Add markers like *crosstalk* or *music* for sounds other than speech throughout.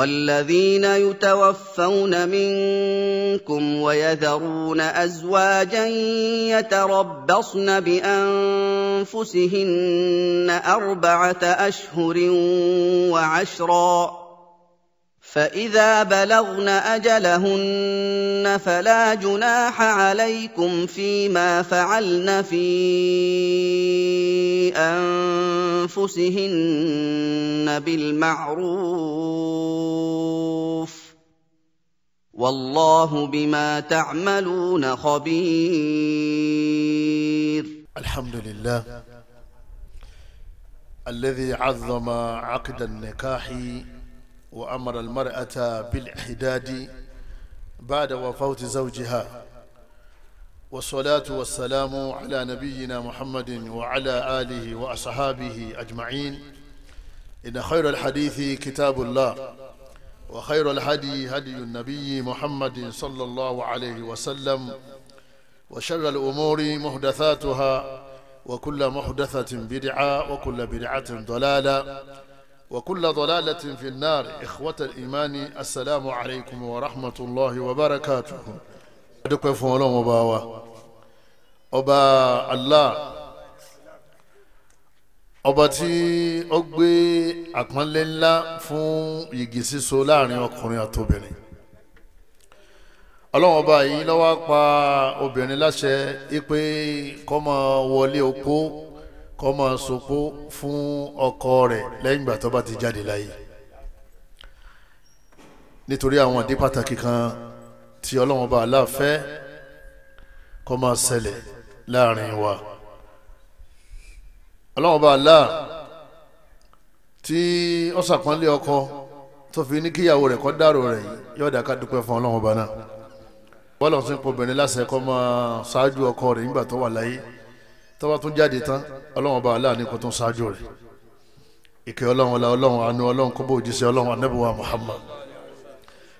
والذين يتوفون منكم ويذرون ازواجا يتربصن بانفسهن اربعه اشهر وعشرا فاذا بلغن اجلهن فلا جناح عليكم فيما فعلن في انفسهن بالمعروف والله بما تعملون خبير الحمد لله الذي عظم عقد النكاح وأمر المرأة بالحداد بعد وفاة زوجها والصلاة والسلام على نبينا محمد وعلى آله وأصحابه أجمعين إن خير الحديث كتاب الله وخير الهدي هدي النبي محمد صلى الله عليه وسلم وشر الأمور محدثاتها وكل محدثة بدعة وكل بدعة ضلالة وكل ضلالة في النار إخوة الإيمان السلام عليكم ورحمة الله وبركاته أدوك فولو مباوا أبا الله ọba tí ó gbé àpọ́nlé ńlá fún yìgì síso láàrin ọkùnrin àtobìnrin ọlọ́run ọba yìí ló wá pa obìnrin láṣẹ pé kó má wọlé opó kó máa sopó fún ọkọ rẹ̀ lẹ́yìn ìgbà tó bá ti jáde láyé nítorí àwọn àdé pàtàkì kan tí ọlọ́wọ́n bá aláàfẹ́ kó máa ṣẹlẹ̀ láàrin wa ọlọ́wọ́n bá aláà tí ó ṣàpọ́nlé ọkọ tó fi ní kíyàwó rẹ̀ kọ́ dárò rẹ̀ yìí yóò dá ká dúpẹ́ fún ọlọ́wọ́n bá náà bọ́lá ọ̀sìn pọ̀ bẹ̀rẹ̀ lásẹ̀ kó máa ṣáájú ọkọ rẹ̀ nígbà tó wà láyé tọ́ba tún jáde tán ọlọ́run ọba aláàánú kò tún ṣáájú rẹ̀ ìkẹ́ ọlọ́run ọlá ọlọ́run àánú ọlọ́run kó òjíṣẹ́ ọlọ́run anábìwá Muhammad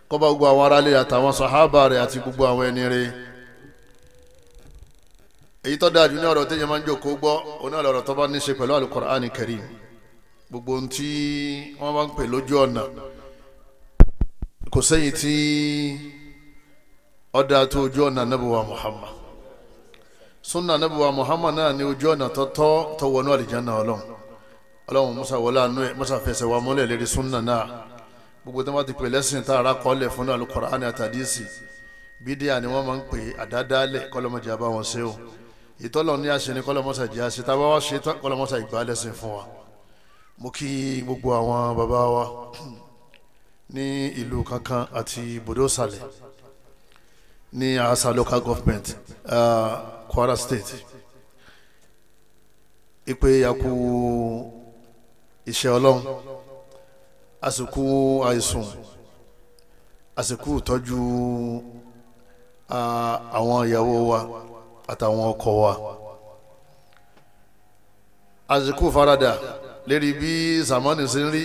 kó bá gbogbo àwọn aráalé àtàwọn sàhábà rẹ̀ àti gbogbo àwọn ẹni rẹ̀ èyí tó dáa jù ní ọ̀rọ̀ téèyàn máa ń jókòó gbọ́ oní ọ̀rọ̀ tó bá ní ṣe pẹ̀lú alukur'ani karim gbogbo ohun wọ́n bá ń pè lójú ọ̀nà kò sẹ́yìn tí ọ̀dà tó ojú ọ̀nà anábìwá Muhammad sunna nabi wa muhammad náà ni ojú ọ̀nà tọ́tọ́ tọwọ́nú àlìjáná ọlọ́run ọlọ́run musa wọlé àánú ẹ̀ musa fẹsẹ̀ wa mọ́lẹ̀ lérí sunna náà gbogbo tí wọ́n ti pè lẹ́sìn tá a ra kọ́lẹ̀ fún Al-Qur'ani àtàdísì bídíà ni wọ́n máa ń pè àdádálẹ̀ kọ́lọ́mọdé àbá wọn ṣe o ìtọ́lọ̀ ní àṣẹ ni kọ́lọ́mọsà jẹ́ àṣẹ tá a bá wá ṣe tán kọ́lọ́mọsà ìgbà lẹ́sìn fún wa mo kí gbogbo àwọn bàbá wa ní ìlú kankan àti ibùdó sàlẹ̀ ní asa local government. Uh, Kwara State ipe yaku iṣẹ́ Ọlọ́run àsìkò àìsùn àsìkò ìtọ́jú àwọn ìyàwó wa àtàwọn ọkọ wa àsìkò faradà lérí bí zamani ṣe ń rí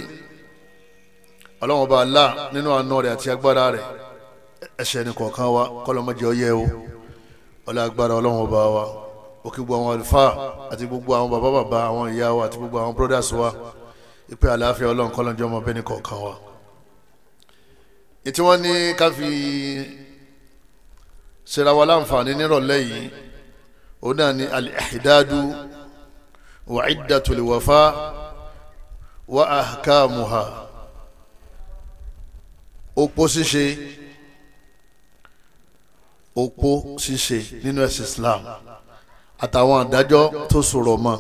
Ọlọ́run Ọba Allah nínú àánú rẹ̀ àti agbára rẹ̀ ẹ̀ṣẹ̀ nìkọ̀ọ̀kan wa kọ́lọ́mọdé ọyẹ́ o ọlá agbára ọlọ́run ọba wa ó kí gbogbo àwọn àlùfáà àti gbogbo àwọn bàbá bàbá àwọn ìyá wa àti gbogbo àwọn brothers wa ìpè àlàáfíà ọlọ́run kọ́lọ́njọ́ ọmọ bẹ́ẹ̀ ni kọ̀ọ̀kan wa. ètí wọ́n ní ká fi ṣera wa láǹfààní nírọ̀lẹ́ yìí òun náà ni al wa iddatul wafa wa ahkamuha òpó ṣíṣe opó ṣíṣe nínú ẹ̀sìn Islam àtàwọn àdájọ́ tó sọ̀rọ̀ mọ́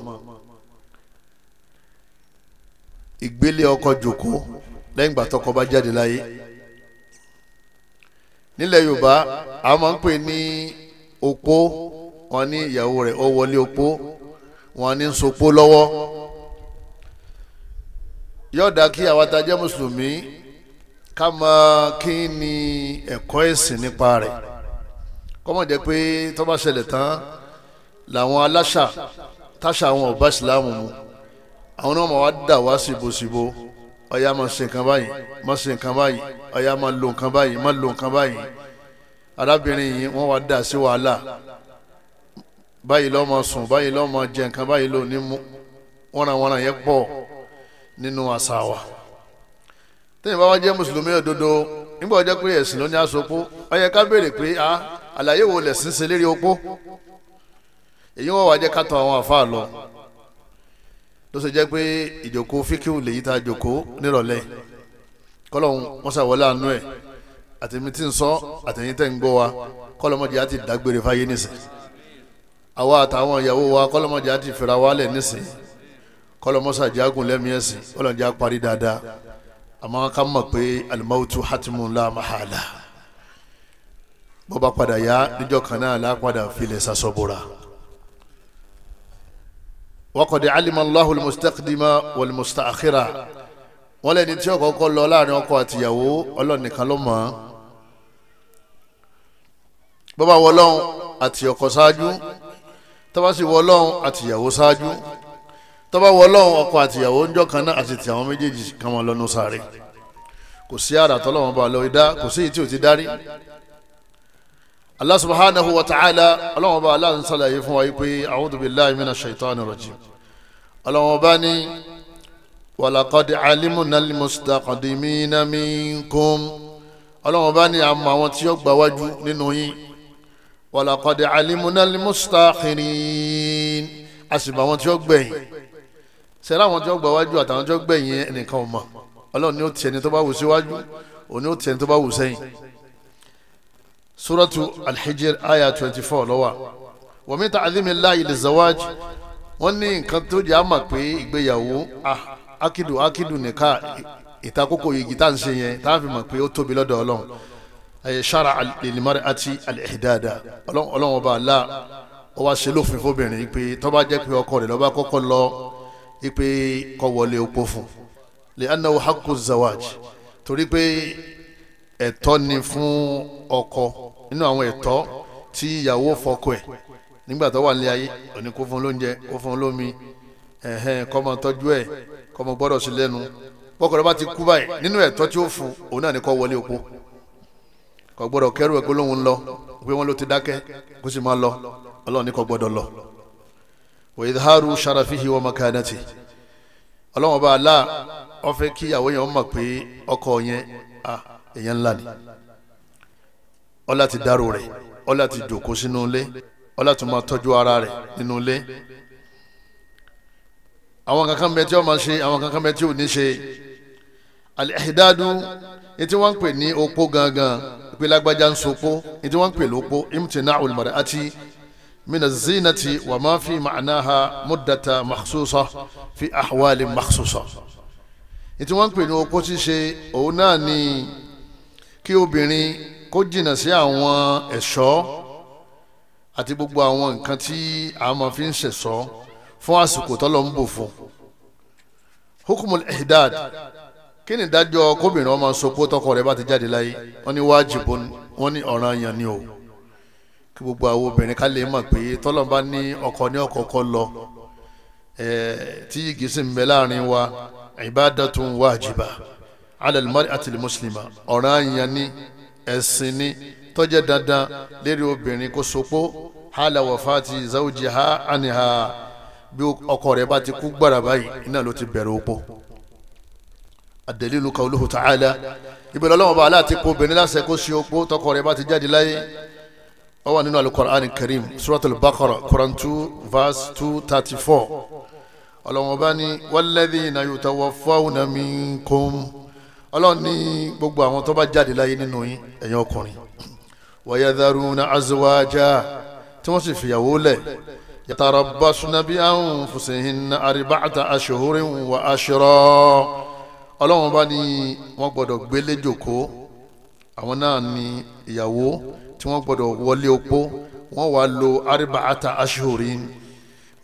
ìgbélé ọkọ jòkó lẹ́yìn ìgbà tọkọ bá jáde láyé nílẹ̀ Yorùbá a máa ń pè ní opó wọn ní ìyàwó rẹ̀ ó wọlé opó wọn ní sopó lọ́wọ́ yọ̀ọ̀dà kí àwa tá mùsùlùmí ká máa kí ni ẹ̀kọ́ ẹ̀sìn nípa rẹ̀ kọ́mọ̀ jẹ́ pé tó bá ṣẹlẹ̀ tán làwọn aláṣà táṣà àwọn ọba ìsìláàmù mu àwọn náà máa wá dà wá síbòsíbò ọ̀yà máa ṣe nǹkan báyìí máa ṣe nǹkan báyìí ọ̀yà máa lo nǹkan báyìí máa lo nǹkan báyìí arábìnrin yìí wọ́n wá dà sí wàhálà báyìí lọ́mọ sùn báyìí lọ́mọ jẹ nǹkan báyìí lò ní wọ́nrawọ́nra yẹn pọ̀ nínú àṣà wa tẹ́yìn bá wá jẹ́ mùsùlùmí òdodo nígbà ọjọ́ pé ẹ̀sìn ló ní aṣọ kú ó yẹ ká béèrè pé a. Ah, àlàyé wo lẹ̀ sísè lérí opó èyí wọ́n wá jẹ́ ká tán àwọn àfa lọ tó ṣe jẹ́ pé ìjókòó fíkíù lèyí tá a jókòó nírọ̀lẹ́ kọ́lọ́hún wọ́n ṣàwọlé àánú ẹ̀ àtẹ̀mí tí ń sọ àtẹ̀yìn tẹ̀ ń gbọ́ wa kọ́lọ́mọdé á ti dágbére fáyé nísìn àwa àtàwọn ìyàwó wa kọ́lọ́mọdé á ti fìrà wálẹ̀ nísìn kọ́lọ́mọsà jágùn lẹ́mìí ẹ̀sìn kọ́lọ́mọdé á parí dáadáa àmọ́ ká mọ̀ pé alimawutu hatimu la mahala bọ́ba padà yá níjọ́ kan náà lápadà filẹ̀ sasọ́bọ̀ra. waqad alima Allahu al-mustaqdima wal-musta'khira wọ́n lẹ́ni tí ọkọ̀ kọ́ lọ láàrin ọkọ àtìyàwó Ọlọ́run nìkan ló mọ̀ ọ́n. bọ́ba wọlọ́hún àti ọkọ ṣáájú tọ́ba sì wọlọ́hún àtìyàwó ṣáájú tọ́ba wọlọ́hún ọkọ àtìyàwó ńjọ́ kan náà àti tìyàwó méjèèjì kan wọn lọ́nu sáré kò sí àràtọ́ lọ́wọ́n bá lọ ìdá kò sí ìtì Allah subhanahu wa ta'ala ọlọ́wọ́n bá aláàánú sàlàyé fún wa yìí pé a'udhu billahi minash shaitani rajim ọlọ́wọ́n bá ní walaqad alimna al-mustaqdimina minkum ọlọ́wọ́n bá ní àmọ́ àwọn tí ó gbà wájú nínú yín walaqad alimna al-mustakhirin a sì bá àwọn tí ó gbẹ̀yìn sẹ́lá àwọn tí ó gbà wájú àtàwọn tí ó gbẹ̀yìn ẹnìkan ò ọlọ́run ni ó tiẹ̀ ní tó bá wù síwájú òun ni ó tiẹ̀ ní tó bá wù sẹ́yìn suratu alhijir aya twenty four lọ́wọ́ wọ́n ta adimi láàyè lè zawaj wọ́n ní nǹkan tó jẹ́ àmà pé ìgbéyàwó ah, akidu akidu nìka ìtakókò yìí tá à ń ṣe yẹn tá a fi mọ̀ pé ó tóbi lọ́dọ̀ ọlọ́run ẹ̀yẹ ṣara àlèlémọ́rẹ́ àti àlèhídáadáa ọlọ́run ọba àlá ó wá ṣe lófin fóbìnrin pé tó bá jẹ́ pé ọkọ rẹ̀ ló bá kọ́kọ́ lọ pé kó wọlé opó fún lè anáwó hakku zawaj torí pé ẹ̀tọ́ ni fún ọkọ nínú àwọn ẹ̀tọ́ tí ìyàwó fọkọ ẹ̀ nígbà tó wà ní ayé òní kó fún lóúnjẹ kó fún lómi ẹ̀hẹ́n kọ́mọ tọ́jú ẹ̀ kọ́mọ gbọ́dọ̀ sí lẹ́nu bọ́kọ̀rọ̀ bá ti kú báyìí nínú ẹ̀tọ́ tí ó fún òun náà ní kó wọlé opó kò gbọ́dọ̀ kẹ́rù ẹ̀ pé lóun ń lọ pé wọ́n ló ti dákẹ́ kó sì máa lọ ọlọ́run ní kò gbọ́dọ̀ lọ. wa idharu sharafihi wa makanati ọlọ́run bá a lá ó fẹ́ kí ìyàwó yẹn ó mọ̀ pé ọkọ yẹn èèyàn ńlá ni ọlá ti dárò rẹ̀ ọlá ti jòkó sínú ilé ọlá tó máa tọ́jú ara rẹ̀ nínú ilé àwọn kankan bẹ tí ó máa ṣe àwọn kankan bẹ tí ò ní ṣe alihdadu ní tí wọ́n ń pè ní opó gangan pé lágbájá ń sopó ní tí wọ́n ń pè lópó imtina'ul mar'ati min az-zinati wa ma fi ma'naha muddata makhsusa fi ahwali makhsusa ní tí ń pè ní opó ṣíṣe òun náà ni kí obìnrin kó jìnnà sí àwọn ẹ̀ṣọ́ àti gbogbo àwọn nǹkan tí a máa fi ń ṣẹ̀ṣọ́ fún àsìkò tọ́lọ́ ń bò fún hukumul ihdad kí ni ìdájọ́ kóbìnrin ọmọ sopó tọkọ rẹ̀ bá ti jáde láyé wọ́n ní wájibun wọ́n ní ọ̀ranyàn ni o kí gbogbo àwọn obìnrin ká lè mọ̀ pé tọ́lọ́ bá ní ọkọ ní ọ̀kọ̀ọ̀kọ̀ lọ tí igi sì ń bẹ láàrin wa ibadatun wajiba ala al-mar'ati al-muslima ọ̀ranyàn ni ẹ̀sìn ni tó jẹ́ dandan lérí obìnrin kó sopó hàlà wàfáàtì zawjiha àníhà bí ọkọ rẹ̀ bá ti kú gbàrà báyìí iná ló ti bẹ̀rẹ̀ opó àdèlílu qawluhu ta'ala ìbẹ̀rẹ̀ ọlọ́wọ́n bá aláàtí kó obìnrin láṣẹ kó ṣe opó tọkọ rẹ̀ bá ti jáde láyé ó wà nínú alukur'an karim suratul baqara quran two verse two thirty four ọlọ́wọ́n bá ní walladhina yutawaffawna minkum ọlọ́run ní gbogbo àwọn tó bá jáde láyé nínú yín ẹ̀yin ọkùnrin wayadharuna azwaja tí wọ́n sì fìyàwó lẹ̀ yatarabbasna bi anfusihinna arba'ata ashhurin wa ashra ọlọ́run bá ní wọ́n gbọ́dọ̀ gbélé jòkó àwọn náà ní ìyàwó tí wọ́n gbọ́dọ̀ wọlé opó wọ́n wá lo arba'ata ashhurin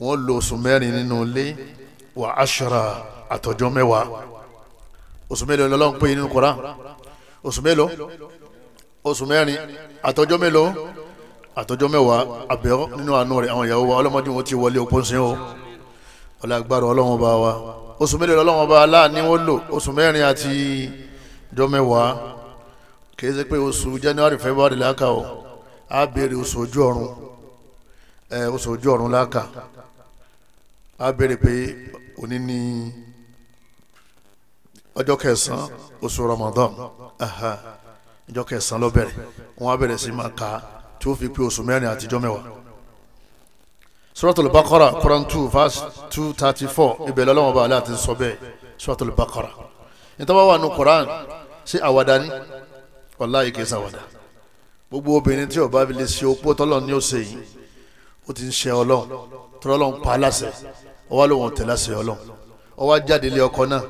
wọ́n lo oṣù mẹ́rin nínú ilé wa ashra àtọjọ́ mẹ́wàá oṣù mélòó lọ́lọ́run pé nínú koran oṣù mélòó oṣù mẹ́rin àtọjọ́ mélòó àtọjọ́ mẹ́wàá àbẹ̀wò nínú àánú rẹ̀ àwọn ìyàwó wa ọlọ́mọdé wọn ti wọlé opó ńsìn o ọlọ́gbàrọ̀ ọlọ́wọ́n bá wa oṣù mélòó lọ́lọ́wọ́n bá aláàní wọn lò oṣù mẹ́rin àti ọjọ́ mẹ́wàá kì í ṣe pé oṣù January February làákà o á béèrè oṣù ojú ọ̀run ẹ oṣù ojú ọ̀run làákà á béèrè pé òní ni ọjọ́ kẹsàn-án oṣù Ramadan ọjọ́ kẹsàn-án ló bẹ̀rẹ̀ wọ́n á bẹ̀rẹ̀ sí máa ka tí ó fi pé oṣù mẹ́rin àtijọ́ mẹ́wàá. Suratul Baqara Quran two verse two thirty four ibẹ̀ lọ́lọ́wọ́n bá aláàtí sọ bẹ́ẹ̀ Suratul Baqara nítorí wà nù Quran sí àwàdà ni wàláyé kìí sàwàdà gbogbo obìnrin tí ó bá fi lè ṣe opó tọ́lọ́ ní ọ̀sẹ̀ yìí ó ti ń ṣe ọlọ́run tọ́lọ́ pa aláṣẹ ọwọ́ lòun tẹ̀láṣẹ ọlọ́run ọwọ́ jáde lé ọkọ náà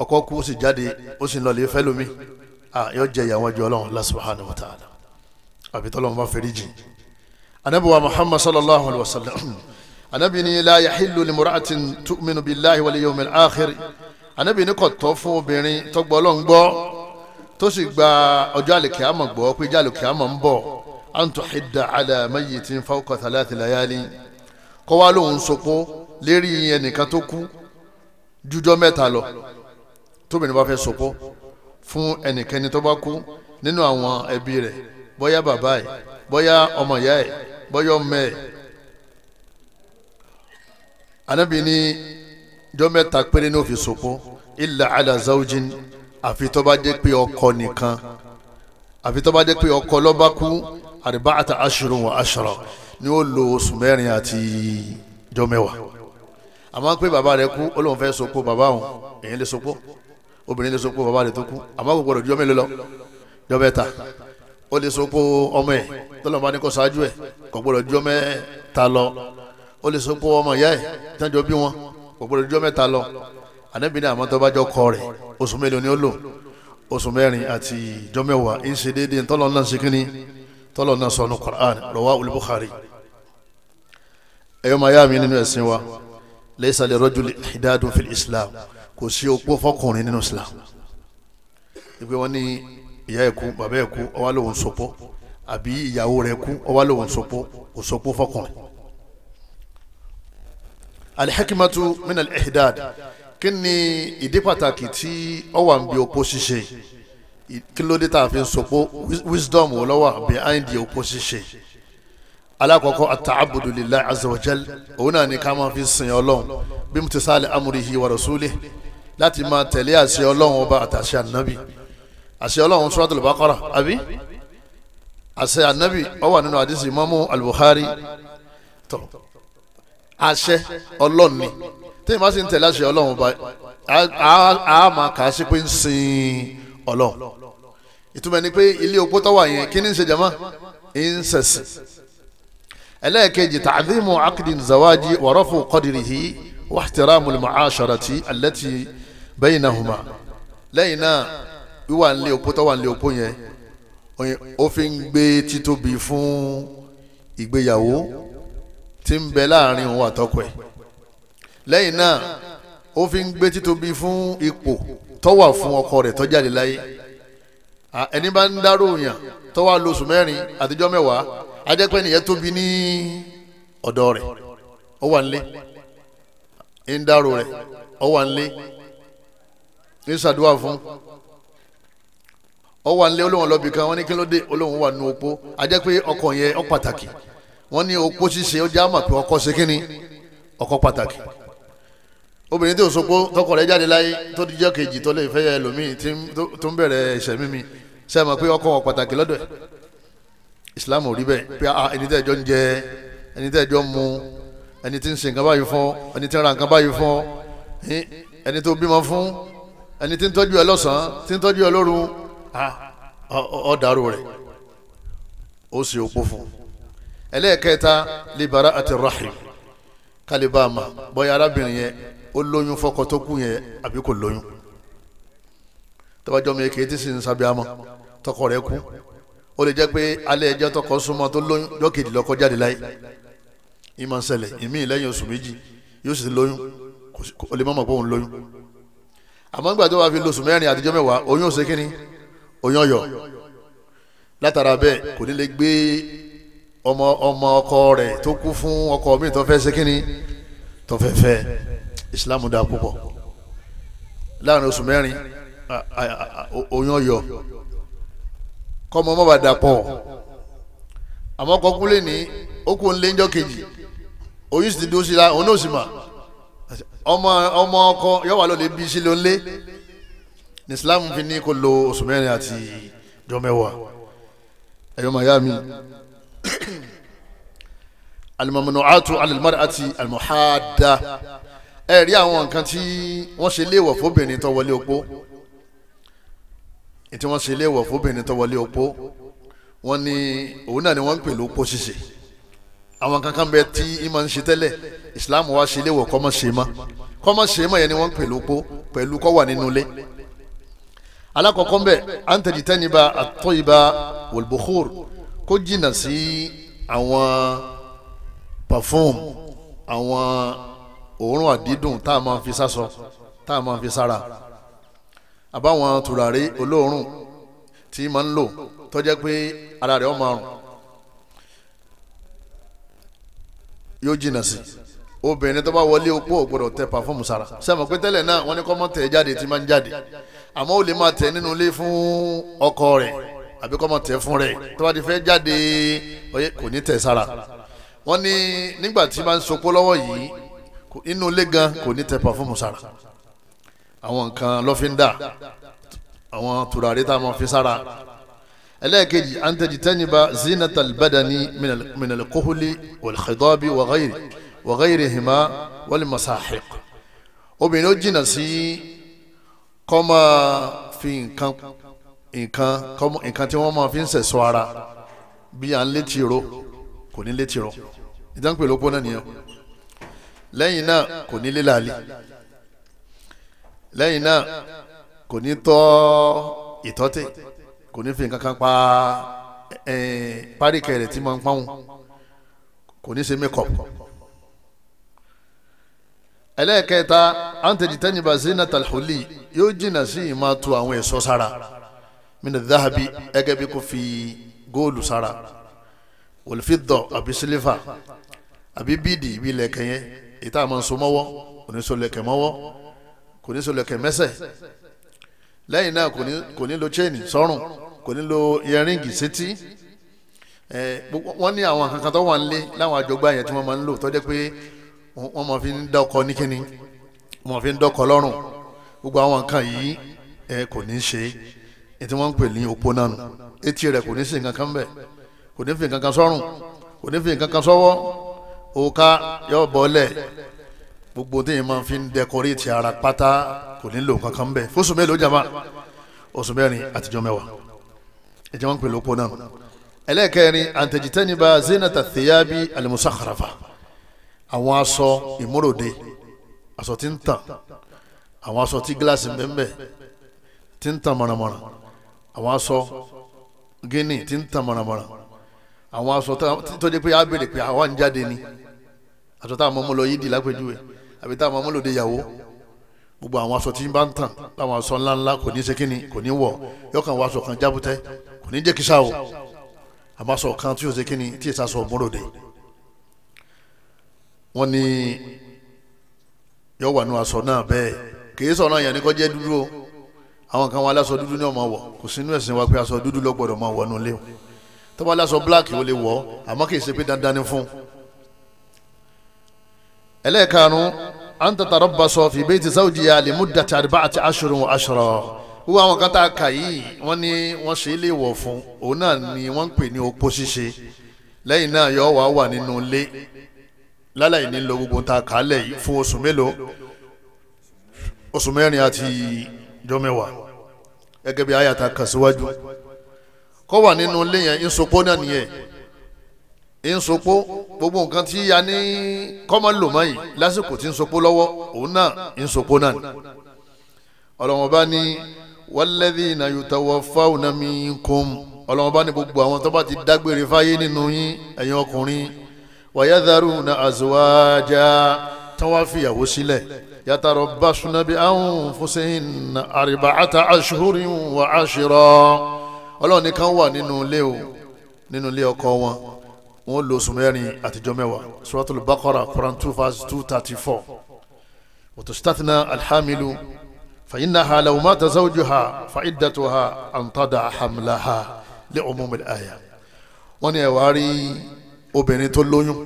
ọkọ kú ó sì jáde ó sì lọ lè fẹ́ lómi yóò jẹ ìyàwó ẹjọ́ ọlọ́run la subhanahu wa ta'ala àbí tọ́lọ́run bá fẹ́rí jìn anabi wa muhammad sallallahu alayhi wa sallam anabi ni la yahillu limura'atin tu'minu billahi wal yawmil akhir anabi ni kò tọ́ fún obìnrin tó gbọ́ ọlọ́run gbọ́ tó sì gba ọjọ́ àlèkè àmọ̀ gbọ́ pé ìjà àlèkè àmọ̀ ń bọ̀ an tuhidda ala mayyitin fawqa thalathi layali kọ́ wa lóun lérí ẹnìkan tó kú jújọ́ mẹ́ta lọ tóbìnrin bá fẹ́ sọkọ fún ẹnikẹ́ni tó bá kú nínú àwọn ẹbí rẹ̀ bóyá bàbá ẹ̀ bóyá ọmọ ìyá ẹ̀ bóyá ọmọ ẹ̀ anabi ni jọ́ péré ní ó fi sọkọ illa ala zawjin àfi tó bá jẹ́ pé ọkọ nìkan àfi tó bá jẹ́ pé ọkọ ló bá kú arba'ata ashurun wa ashra ni ó lo oṣù mẹ́rin àti jọ́ mẹ́wàá àmọ́ pé bàbá rẹ̀ kú ó lóun fẹ́ sọkọ bàbá òun èyí lè sọkọ obìnrin lè so pé bàbá rẹ̀ tó kú àmọ́ kò gbọdọ̀ ju ọmọ èlò lọ jọba ẹ̀ta ó lè so pé ọmọ ẹ̀ tọ́lọ́mọba ní kò ṣáájú ẹ̀ kò gbọdọ̀ ju ọmọ ẹ̀ta lọ ó lè so pé ọmọ ìyá ẹ̀ tẹ́jọ́ bí wọn kò gbọdọ̀ ju ọmọ ẹ̀ta lọ ànábìnrin àmọ́ tó bá jọ kọ rẹ̀ oṣù mélòó ni ó lò oṣù mẹ́rin àti ìjọ mẹ́wàá ń ṣe déédéé tọ́lọ́ náà ṣe kínní náà sọnù Qur'an rọwá olùbùkárì ẹ̀yọ́ máa yá mi nínú ẹ̀sìn wa laysa li rajuli hidadun fil Islam kò sí opó fọkùnrin nínú Islam ìgbé wọn ní ìyá ẹ̀ kú bàbá ẹ̀ kú ọwá lòun sopó àbí ìyàwó rẹ̀ kú ọwá lòun sopó kò sopó fọkùnrin. alihakimatu minal ihdad kí ni ìdí pàtàkì tí ó wà ń bi opó ṣíṣe kí ló dé tá a fi ń sopó wisdom wò lọ́wọ́ behind the opó ṣíṣe alakoko ataabudu azawajal òun náà ni ká máa fi sìn Ọlọ́run bí mo ti sáàlì amúrihì wa rasulihi láti máa tẹ̀lé àṣẹ ọlọ́run ọba àtàṣẹ ànábì àṣẹ ọlọ́run suratul baqara àbí àṣẹ ànábì ó wà nínú àdìsí mọ́mú al-Bukhari tó àṣẹ ọlọ́run ni tí ìmọ̀ sí ń tẹ̀lé àṣẹ ọlọ́run ọba a máa kà á sí pé ń sin ọlọ́run ìtumọ̀ ni pé ilé opó tó wà yẹn kí ni ń ṣe jama ń sẹ̀sìn ẹlẹ́ẹ̀kejì ta'dhimu aqdin zawaji wa rafu qadrihi wa ihtiramu al-ma'asharati allati. bẹ́yìn náà hùmà lẹ́yìn náà wíwà nílé opó tọ́wà nílé opó yẹn ó fi ń gbé títóbi fún ìgbéyàwó tí ń bẹ láàrin òun àtọkọ ẹ̀ lẹ́yìn náà ó fi ń gbé títóbi fún ipò tọ́wà fún ọkọ rẹ̀ tó jáde láyé ẹni bá ń dárò yàn tọ́wà lóṣù mẹ́rin àtijọ́ mẹ́wàá ajẹ́pẹ́ nìyẹn tóbi ní ọ̀dọ́ rẹ̀ ó wà nílé ń dárò rẹ̀ ó wà nílé ní sàdúrà fún ọ wà nílé olóhùn lọ́bì kan wọ́n ní kí ló dé olóhùn wà nù opó a jẹ́ pé ọkọ yẹn ó pàtàkì wọ́n ní opó ṣíṣe ó já mà pé ọkọ ṣe kí ni ọkọ pàtàkì obìnrin tí ò sopó tọkọ rẹ̀ jáde láyé tó di jẹ́ kejì tó lè fẹ́ yẹ ẹlòmíì tó ń bẹ̀rẹ̀ ẹ̀ṣẹ̀ mímì ṣe é mọ̀ pé ọkọ wọn pàtàkì lọ́dọ̀ ẹ̀ Islam ò rí bẹ́ẹ̀ pé ah, ẹni tẹ́ ẹjọ́ ń jẹ ẹni tẹ́ ẹjọ́ ń mu ẹni tí ń ṣe nǹkan báyìí fún ẹni tí ń ra nǹkan báyìí fún ẹni tó bímọ fún ẹni tí ń tọ́jú ẹ lọ́sàn-án tí ń tọ́jú ẹ lórun ọ rẹ̀ ó sì òpó fún un ẹlẹ́ẹ̀kẹta libara àti rahim kálíbà ma bọ́yá arábìnrin yẹn ó lóyún fọkọ tó kú yẹn àbí kò lóyún tọ́bajọ́ mi kì í ti sin sábíàmọ́ tọkọ rẹ̀ kú ó lè jẹ́ pé alẹ́ ẹjọ́ tọkọ súnmọ́ tó lóyún lọ́kèdè lọ́kọ jáde láyé ìmọ̀ ń ìmí lẹ́yìn oṣù méjì yóò sì lóyún ó lè má mọ̀ pé òun lóyún àmọ́ nígbà tó bá fi lóṣù mẹ́rin àtijọ́ mẹ́wàá oyún ò ṣe kínní oyún ọ̀yọ́ látara bẹ́ẹ̀ kò ní lè gbé ọmọ ọmọ ọkọ rẹ̀ tó kú fún ọkọ mi tó fẹ́ ṣe kínní tó fẹ́ fẹ́ Islam dáa púpọ̀ láàrin oṣù mẹ́rin oyún ọ̀yọ́ kọ́mọ ọmọ bá dà pọ̀ àmọ́ kọ́kúnlé ní ó kú kejì oyún sì ti dúró sí la òun náà sì mà ọmọ ọmọ ọkọ yóò wà lóde bí sílẹ̀ ńlẹ̀ ní Islam fi ní kó lo oṣù mẹ́rin àti jọmẹ́wàá ẹ̀yọ́ màá yá mi *clears throat* alimamunu-atu alimari-ati alimuhada ẹ rí àwọn nǹkan tí wọ́n ṣe léèwọ̀ fóbìnrin tó wọlé opó tí wọ́n ṣe léèwọ̀ fóbìnrin tó wọlé opó wọ́n ní òun náà ni wọ́n ń pè lópó ṣíṣe àwọn kankan bẹ tí ìmọ̀ ń ṣe tẹ́lẹ̀ islam wa ṣe léwọ̀ kọ́mọ̀ ṣe mọ́ kọ́mọ̀ ṣe mọ́ yẹn ni wọ́n ń pè lópo pẹ̀lú kọ́ wà nínú ilé. alákọ̀ọ́kọ́ ń bẹ̀ antẹ̀jì tẹ́niba àtọ́yìnba wòlbóhór kó jìnnà sí àwọn pafum àwọn òórùn àdídùn tá a máa fi sásọ tá a máa fi sára àbáwọn tùràrí olóòórùn tí máa ń lò tó pé ara rẹ̀ ó máa yóò jìnnà sí obìnrin tó bá wọlé opó ò gbọdọ̀ tẹ pàfọ́ọ̀mù sára sẹ́mi pé tẹ́lẹ̀ náà wọ́n ní kọ́ mọ́ tẹ̀ jáde tí máa ń jáde àmọ́ ó lè máa tẹ̀ nínú ilé fún ọkọ rẹ̀ àbí kọ́ mọ́ tẹ̀ fún rẹ̀ tó bá ti fẹ́ jáde oyè kò ní tẹ̀ sára wọ́n ní nígbà tí máa ń sopó lọ́wọ́ yìí inú ilé gan kò ní tẹ pàfọ́ọ̀mù sára àwọn nǹkan lọ́fíńdà àwọn tùràrí tá a máa fi sára ẹlẹ́ẹ̀kejì antẹ̀jì tẹ́nibà zinatal badani minal kohuli walxidabi wagayri wagayri hima wali masaxiq obìnrin ó jìnnà sí kọ́mọ fi nǹkan nǹkan kọ́mọ nǹkan tí wọ́n máa fi ń sẹ̀sọ́ ara bí à ń létí ro kò ní létí ro ìdánpẹ̀ ló pọ́n náà nìyẹn lẹ́yìn náà kò ní lílàálí lẹ́yìn náà kò ní tọ́ ìtọ́tẹ̀ kò ní fi nǹkan kan pa páríkì rẹ̀ tí máa ń pọ́n kò ní ṣe mékọ̀. ẹlẹ́ẹ̀kẹta antẹ̀jìtẹ́nìbà zina talhuli yóò jìnnà sí ìmáa tu àwọn ẹ̀ṣọ́ sára mina dahabi ẹgẹ́ bí kò fi góòlù sára wòlífìdọ̀ àbí sílífà àbí bíìdì ibi lẹ̀kẹ̀ yẹn ìta àmọ́ nsọmọ́wọ́ kò ní so lẹ̀kẹ̀ mọ́wọ́ kò ní so lẹ̀kẹ̀ mẹ́sẹ̀ lẹ́yìn náà kò ní lo chain sọ́rùn kò ní lo yẹríngì sétí wọ́n ní àwọn kankan tó wà ń lé láwọn àjọgbá yẹn tí wọ́n máa ń lò tó jẹ́ pé wọ́n máa fi ń dọ́kọ ní kíni wọ́n fi ń dọ́kọ lọ́rùn gbogbo àwọn nǹkan yìí kò ní ṣe é tí wọ́n ń pè ní opó náà nù etí rẹ̀ kò ní sí nǹkan kan bẹ̀ kò ní fi nǹkan kan sọ́rùn kò ní fi nǹkan kan sọ́wọ́ òka yóò bọ́lẹ̀ gbogbo téèyàn máa fi ń dẹkọréètì ara pátá kò ní lò kankan ń bẹ fóṣù mélòó jàmbá oṣù mẹ́rin àtijọ́ mẹ́wàá ìjọ wọn pè lóko náà ẹlẹ́ẹ̀kẹrin àtẹ̀jítẹ́nibà zinata thiyabi alimusakharafa àwọn aṣọ ìmúròde aṣọ tí ń tàn àwọn aṣọ tí gíláàsì mbẹ́mbẹ́ tí ń tàn mọ̀nàmọ̀nà àwọn aṣọ gíní tí ń tàn mọ̀nàmọ̀nà àwọn aṣọ tó jẹ́ pé á pé àwa ń jáde ni aṣọ táwọn ọmọ ọmọ lọ yídì lápẹ́jùwe àbí tá a máa múlò de ìyàwó gbogbo àwọn aṣọ tí ń bá ń tàn láwọn aṣọ ńláńlá kò ní ṣe kíni kò ní wọ̀ yọkàn wọ aṣọ kan jábútẹ́ kò ní jẹ́ kíṣà o àmọ́ aṣọ kan tí ò ṣe kíni tí èsà sọ múlò de wọ́n ní yọ wà nù aṣọ náà bẹ́ẹ̀ kìí sọ̀rọ̀ yẹn ní kọjá dúdú o àwọn kan wọn aláṣọ dúdú ni ó máa wọ̀ kò sínú ẹ̀sìn wa pé aṣọ dúdú ló gbọ́dọ̀ máa wọ̀ nulẹ̀ o tó bá aláṣọ bíláàkì ó lè wọ̀ àmọ́ kìí ṣe pé dandan ni fún un ẹlẹ́ẹ̀karùn-ún an tatarabbasu fi bayti zawjiha li muddati arba'ati ashhurin wa ashra wíwá àwọn kan tá a kà yìí wọ́n ní wọ́n ṣe é lè wọ̀ fún òun náà ni wọ́n ń pè ní opó ṣíṣe lẹ́yìn náà yọ wà wà nínú ilé láláì ní lo gbogbo ta kàálẹ̀ yìí fún oṣù mélòó oṣù mẹ́rin àti jọmẹ́wà gẹ́gẹ́ bí àyàtà kà síwájú kọ́ wà nínú ilé yẹn ń sopó náà nìyẹn ń sopó gbogbo nǹkan tí ya ní kọ́mọ́ lò mọ́ yìí lásìkò tí ń sopó lọ́wọ́ òun náà ń sopó náà ni ọlọ́wọ́n bá ní walladhina yutawaffawna minkum ọlọ́wọ́n bá ní gbogbo àwọn tó ti dágbére fáyé nínú yín ẹ̀yin ọkùnrin wa yadharuna azwaja tí fìyàwó sílẹ̀ yatarabbasna bi anfusihinna arba'ata ashhurin wa ashira ọlọ́wọ́n nìkan wà nínú ilé o nínú ilé ọkọ wọn wọ́n lo oṣù mẹ́rin àtijọ́ mẹ́wàá suratul baqara quran two verse two thirty four watustathna alhamilu fa'innaha law mata zawjuha fa'iddatuha an tada hamlaha li umum al-aya wọ́n ní ẹ obìnrin tó lóyún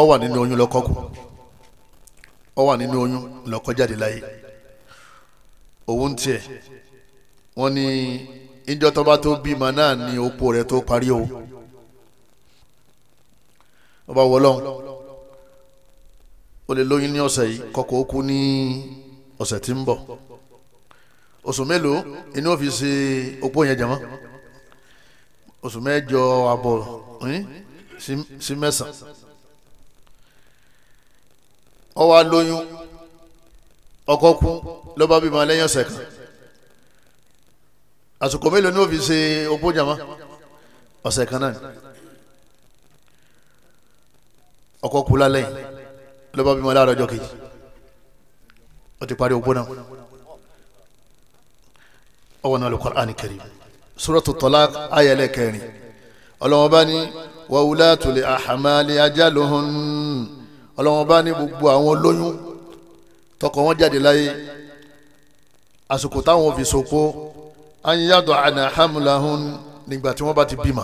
ó wà nínú oyún lọ́kọ kú wà nínú oyún lọ́kọ láyé òun tiẹ̀ wọ́n ní níjọ́ tó bá tó bímọ náà ni opó rẹ̀ tó parí o wọ́n bá wọlọ́ o lè lóyún ní ọ̀sẹ̀ yìí kọ́kọ́ ó kú ní ọ̀sẹ̀ tí ń bọ̀ oṣù mélòó inú òfìsì opó yẹn jẹ̀mọ́ oṣù mẹ́jọ àbọ̀ sí mẹ́sàn-án ó wá lóyún ọkọ kú ló bá bímọ lẹ́yìn ọ̀sẹ̀ kan àsìkò mélòó ni ó fi ṣe opó jama ọ̀sẹ̀ kan náà ọkọ kú lálẹ́ ló bá bímọ láàárọ̀ ọjọ́ kejì ó ti parí opó náà ọwọ́ náà Al-Qur'an Karim Suratu Talaq ayẹlẹ́ kẹrin ọlọ́wọ́n bá ní wa ulatu li ahmali ajaluhun ọlọ́wọ́n bá ní gbogbo àwọn olóyún tọkọ wọn jáde láyé àsìkò táwọn fi sopó anyadọ àná hamlahun nígbà tí wọn bá ti bímọ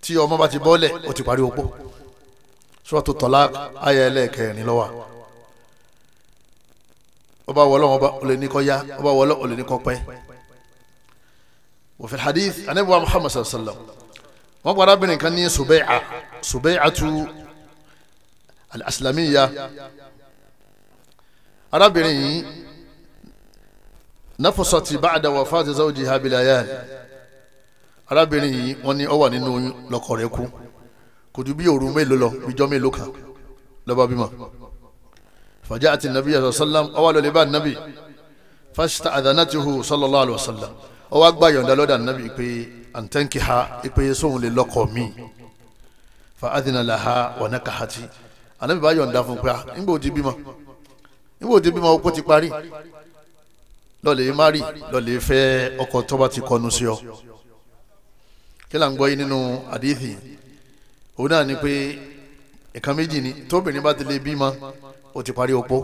tí ọmọ bá ti bọ́lẹ̀ ó ti parí opó Suratu Talaq ayé ẹlẹ́ẹ̀kẹrin ló wà ọba wọlé ọba olè ní kọ ọba wọlé olè ní hadith anabiwa muhammad sallallahu alayhi wa sallam wọ́n gbọ́dọ̀ bìnrin kan ní subai'a subai'atu al-aslamiya arábìnrin yìí nafasati ba'da wafati zawjiha bilayal arábìnrin yìí wọ́n ní ó wà nínú oyún lọ́kọ rẹ̀ kú kò ju bí òru mélòó lọ bíjọ́ mélòó kan ló bá bímọ. faja'ati nabiya sallam ó wá lọ lè bá nabi fasta'adhanatuhu sallallahu alayhi wa sallam ó wá gba yọ̀ǹda lọ́dọ̀ nabi pé an tankiha pé sóhun lè lọ́kọ mi fa adhina laha wa nakahati anabi bá yọ̀ǹda fún pé ah nígbà ó ti bímọ nígbà ó ti bímọ ó kó ti parí lọ́ọ̀lẹ́ mari lọ́ọ̀lẹ́ fẹ́ ọkọ tó bá ti kọnu sí ọ kí là ń gbọ́ yín nínú àdìsí òun náà ni pé nǹkan méjì ni tóbìnrin bá ti lè bímọ ó ti parí opó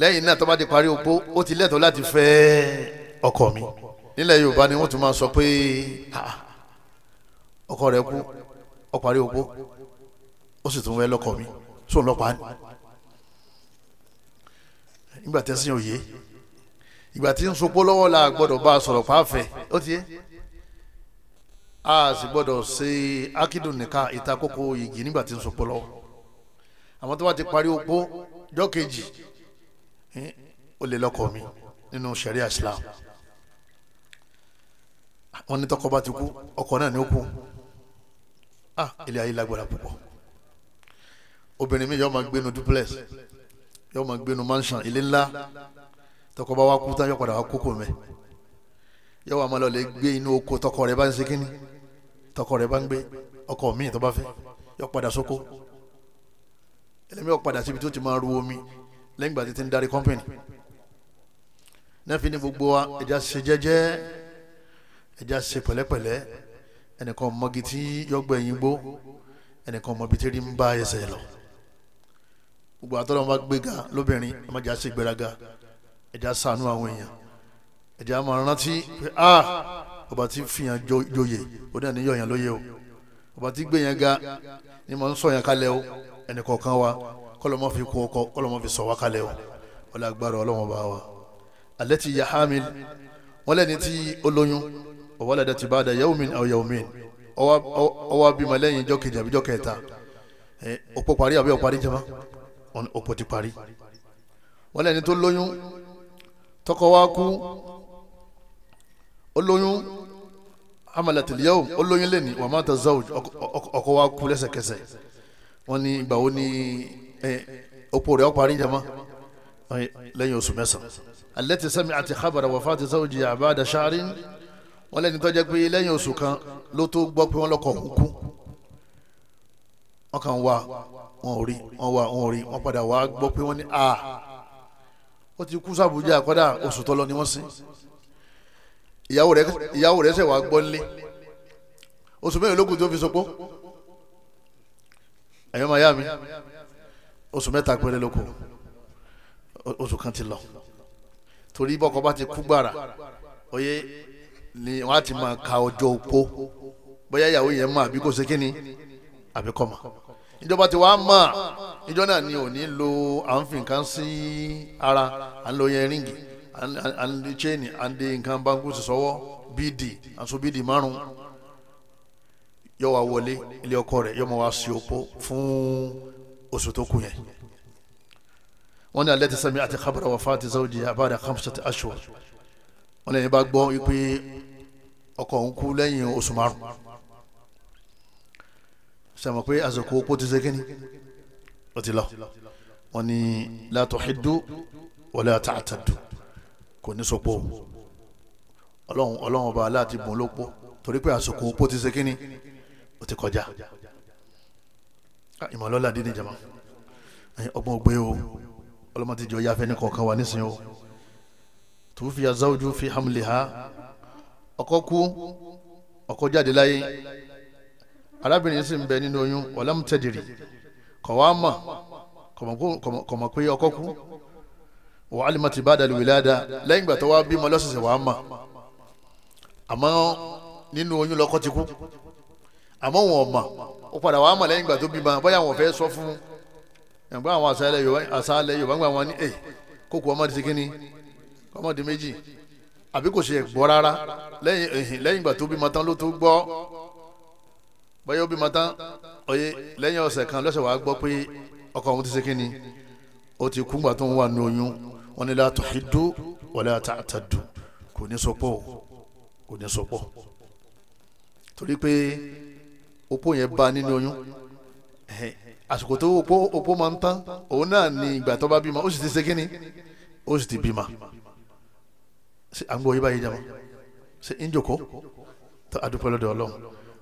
lẹ́yìn náà tó bá ti parí opó ó ti lẹ́tọ̀ọ́ láti fẹ́ ọkọ mi nílẹ̀ yorùbá ni wọ́n tún máa sọ pé ọkọ rẹ kú ó parí opó ó sì tún wẹ́ lọ́kọ mi sóun lọ́pàá nígbà tẹ́sán òye ìgbà tí ń sopó lọ́wọ́ la gbọ́dọ̀ bá a sọ̀rọ̀ pàáfẹ́ ó ti yé a sì gbọ́dọ̀ ṣe akídùn nìkan ìtakókò yìgì nígbà tí ń sopó lọ́wọ́ àwọn tó bá ti parí opó jọ́kejì ó lè lọ́kọ mi nínú sharia islam wọn ní tọkọ bá ti kú ọkọ náà ní ó kú ah ilé ayé lágbára púpọ̀ obìnrin mi yóò máa gbénu duplex yóò máa gbénu mansion ilé ńlá tọkọ bá wa kú tán yọ padà wá kókò mẹ yọ wà má lọ lè gbé inú oko tọkọ rẹ bá ń ṣe kínní tọkọ rẹ bá ń gbé ọkọ míì tó bá fẹ́ yọ padà sóko ẹlẹmi yọ padà síbi tó ti máa ru omi lẹ́yìn ìgbà títí ń darí kọ́mpìnì nẹ́ẹ̀fì gbogbo wa ẹ̀já ṣe jẹ́jẹ́ ẹ̀já ṣe pẹ̀lẹ́pẹ̀lẹ́ ẹnìkan mọ́gi tí yọgbọ́ ẹ̀yìn gbó ẹnìkan mọ́bi tí rí ń bá ẹsẹ̀ lọ gbogbo àtọ́lọ́mọba gbéga lóbìnrin ẹ̀ má ẹdí asànú àwọn èèyàn ẹdí àmọ rántí pé a ọba tí fìyàn joyè ó dẹ̀ ní yọ̀yàn lóye o ọba tí gbẹ̀yàn ga ni mo ń sọ̀yàn kalẹ̀ o ẹnì kọ̀ọ̀kan wa kọlọmọ fi kún ọkọ kọlọmọ fi sọ wá kalẹ̀ o wọlé agbára ọlọ́wọ́n bá wa alẹ́ ti yà hamil wọ́n lẹ́ni tí olóyún ọ̀wọ́lẹ̀dẹ̀ ti bá da yawmin aw yawmin ọwọ́ bímọ lẹ́yìn ìjọ kejì àbíjọ kẹta òpó parí àbí ọ̀parí jẹ́ mọ́ òpó ti parí wọ́n lẹ́ni tó lóyún tọkọ wa kú olóyún amalatil yawm olóyún lẹ́ni wa mata zawj ọkọ wa kú lẹ́sẹ̀kẹsẹ̀ wọ́n ní ìgbà wo ni opó rẹ̀ ọparí jama lẹ́yìn oṣù mẹ́sàn-án allati sami'at khabara wafati zawji ba'da shahrin wọ́n lẹ́ni tó jẹ́ pé lẹ́yìn oṣù kan ló tó gbọ́ pé wọ́n lọ́kọ òkú wọ́n kàn wá wọn ò rí wọn wá wọn ò rí wọ́n padà wá gbọ́ pé wọ́n ní a. Ah ó ti kú sàbújá kọ́dà oṣù tọ́lọ ni wọ́n sin ìyàwó rẹ̀ ṣẹ̀ wá gbọ́ nílé oṣù mẹ́rin lókun tó fi sopó ẹ̀yọ́ máa yá mi oṣù mẹ́ta péré lóko oṣù kan ti lọ torí bọ́kọ bá ti kú gbàrà oyè ni wọ́n á ti máa ka ọjọ́ opó bóyá ìyàwó yẹn mọ̀ àbí kò ṣe kí ni àbí kọ́ mọ̀ ìjọba ti wá mọ̀ ìjọ náà ni ò ní lo à ń nǹkan sí ara à ń lo yẹn ríngì à ń di chain à ń di nǹkan bankusi sọ́wọ́ bídì àṣọ bídì márùn yóò wá wọlé ilé ọkọ rẹ̀ yóò mọ wá sí opó fún oṣù tó kù yẹn wọ́n ní alẹ́ ti sẹ́mi àti kábàrà wà fáti zawji abáàdà khamsati ashwa wọ́n lẹ́yìn bá gbọ́ wípé ọkọ òun kú lẹ́yìn oṣù márùn sàmọ̀ pé àsìkò opó ti ṣe kíni ó ti lọ wọn ni la tuhiddu wala ta'taddu kò ní sọpọ̀ ọlọ́run ọlọ́run ọba aláàtì bùn lópó torí pé àsìkò opó ti ṣe kíni ó ti kọjá ah, ìmọ̀lọ́lá dídì jama ọgbọ́n ògbé o ọlọ́mọdé yáfẹ́ ní kọ̀ọ̀kan wà nísìnyí o tufiya zawju fi hamliha ọkọ kú ọkọ jáde láyé arábìnrin yìí sì ń bẹ nínú oyún ọ̀làmù tẹ̀dìrì kọ̀ wá mọ̀ kọ̀mọ̀ pé ọkọ kú wọ́n á lè máa ti bá dàlú wíláda lẹ́yìn ìgbà tó wá bímọ lọ́sọ̀ọ̀sẹ̀ wàá mọ̀ àmọ́ nínú oyún lọ́kọ ti kú àmọ́ wọn ò mọ̀ ó padà wàá mọ̀ lẹ́yìn ìgbà tó bímọ bóyá wọn fẹ́ sọ fún ẹ̀gbọ́n àwọn àṣàlẹ̀ Yorùbá gbà wọn ní ẹ̀ kókò ọmọdé ti kíni ọmọdé méjì àbí kò ṣe gbọ́ rárá lẹ́yìn ìgbà tó bímọ tán ló tó gbọ́ bọ́yá ó bímọ tán oyè lẹ́yìn ọ̀sẹ̀ kan lọ́sẹ̀ wàá gbọ́ pé ọkọ òun ti ṣe kínni ó ti kú gbà tó ń wà ní oyún wọn ni látọ̀ hídó wọlé àtàtàdù kò ní sọpọ̀ kò ní sọpọ̀ torí pé opó yẹn bá nínú oyún àsìkò tó opó opó máa ń tán òun náà ni ìgbà tó bá bímọ ó sì ti ṣe kínni ó sì ti bímọ à ń gbọ́ báyìí jẹ́ mọ́ ṣe ń jòkó tó a lọ́dọ̀ Ọlọ́run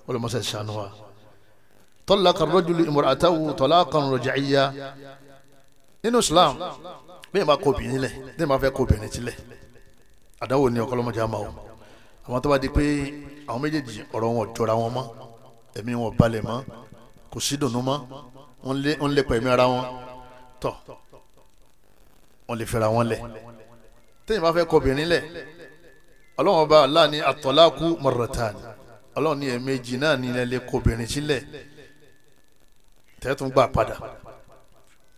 ọlọmọsẹ sànù wa talaqa ar-rajulu imra'atahu talaqan raj'iyya nínú islam bẹ́ẹ̀ bá kó obìnrin lẹ̀ bẹ́ẹ̀ bá fẹ́ kó obìnrin tilẹ̀ àdáwò ni ọkọlọmọdé àmà o àwọn tó bá di pé àwọn méjèèjì ọ̀rọ̀ wọn jọra wọn mọ́ ẹ̀mí wọn balẹ̀ mọ́ kò sí dùnú mọ́ wọ́n lé pẹ̀mí ara wọn tọ̀ wọ́n lè fẹ́ra wọn lẹ̀ téèyàn bá fẹ́ kó obìnrin lẹ̀ ọlọ́wọ́n bá aláàní at-talaqu marratan ni ọlọ́run ní ẹ̀ẹ̀mejì náà ní ilẹ̀ lè kó obìnrin sílẹ̀ tẹ́tùn gbà padà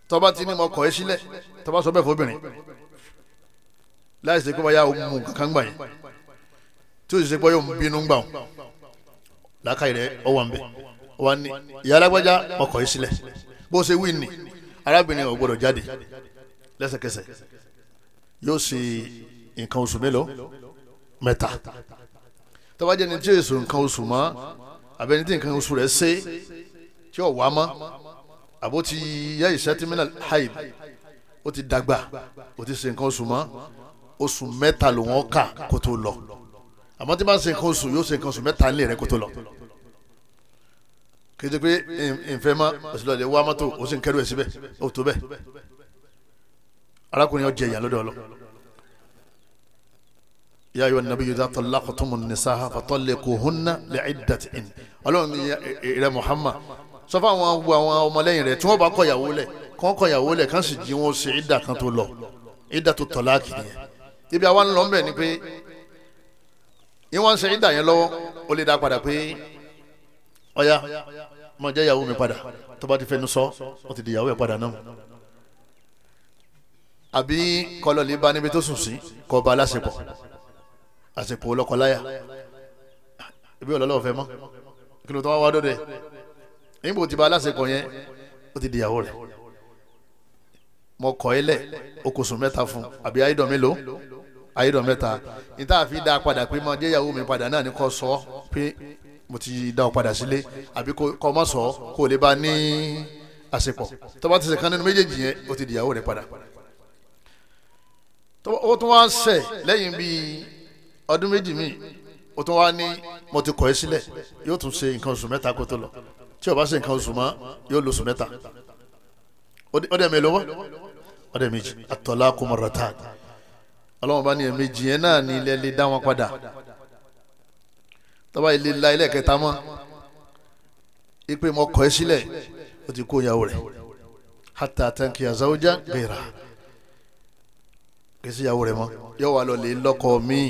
tọ́ba ti ní mo kọ̀ ẹ́ sílẹ̀ tọ́ba sọ bẹ́ẹ̀ fóbìnrin láì ṣe pé báyà mú kankan gbà yẹn tí o sì ṣe pé yóò bínú gbà wọn làákàyè rẹ ọwọ́ nbẹ ọwọ́ ni ìyá alágbájá mo kọ̀ ẹ́ sílẹ̀ bó ṣe wí ni arábìnrin ò gbọdọ̀ jáde lẹ́sẹ̀kẹsẹ̀ yóò ṣe nǹkan oṣù mélòó mẹ́ta tó bá jẹ́ ni tí èso nǹkan oṣù mọ́ àbẹ́ni tí nǹkan oṣù rẹ̀ ṣe tí ò wá mọ́ àbó ti yẹ ìṣẹ́tìmínà haid ó ti dàgbà ó ti ṣe nǹkan oṣù mọ́ oṣù mẹ́ta ló wọ́n kà kó tó lọ àmọ́ tí bá ń ṣe nǹkan oṣù yóò ṣe nǹkan oṣù mẹ́ta nílé rẹ̀ kó tó lọ kí n ti pé nfẹ́ ma òṣèlú ọ̀dẹ̀ wá mọ́tò ó sì ń kẹ́rù ẹ̀ síbẹ̀ ó tó bẹ́ẹ̀ arákùnrin ọ̀jẹ̀ ìyá lọ́dọ̀ ọlọ́ ya ayyuhan nabiyyu idha tallaqtumun nisaa fatalliquhunna li'iddatihin ọlọ́run rẹ muhammad sọ fún àwọn gbogbo àwọn ọmọlẹ́yìn rẹ tí wọ́n bá kọ̀yàwó lẹ̀ kàn kọ̀yàwó lẹ̀ kàn sì jí wọn ṣe ìdà kan tó lọ ìdà tó tọ̀ láàkì nìyẹn ibi àwa ń lọ ńbẹ ni pé ìwọ̀n ṣe ìdà yẹn lọ́wọ́ ó lè dá padà pé ọ̀ya mo jẹ́ ìyàwó mi padà tó bá ti fẹnu sọ ó ti di ìyàwó ẹ̀ padà náà àbí kọlọ́ọ̀lì bá níbi tó sùn sí kọ́ ọba aláṣepọ̀ àsìkò lọ́kọláya ibi ọlọlọwọ fẹ́ mọ̀ kí ló tó wá wá dọdẹ níbo tí ba aláṣepọ yẹn ó ti dìyàwó rẹ̀ mọ kọ ẹ lẹ okòsùn mẹ́ta fún àbí ayédọ mélòó ayédọ mẹ́ta níta àfi dá padà pé mọ jẹyàwó mi padà náà ni kò sọ pé mo ti dá ọ padà sílé àbí kò mọ sọ kò lè bá ní àṣepọ̀ tó ti ṣe kan nínú méjèèjì yẹn ó ti dìyàwó rẹ̀ padà ó tún wá ń ṣe lẹ́yìn bíi ọdún méjì míì o tún wá ní mo ti kọ̀ ẹ́ sílẹ̀ yóò tún ṣe nǹkan oṣù mẹ́ta kó tó lọ tí o bá ṣe nǹkan oṣù mọ́ yóò lo oṣù mẹ́ta ọdẹ mi lọ́wọ́ ọdẹ méjì àtọ̀lá kùmọ̀rọ̀tà ọlọ́wọ́n bá ní ẹ̀ méjì yẹn náà ní ilé lè dá wọn padà tọ́ba ilé la ilé kẹta mọ́ ipe mo kọ̀ ẹ́ sílẹ̀ o ti kó ìyàwó rẹ̀ hata tanki azawuja gbera kì í sí ìyàwó rẹ̀ mọ́ yóò wá lọ lè lọ́kọ míì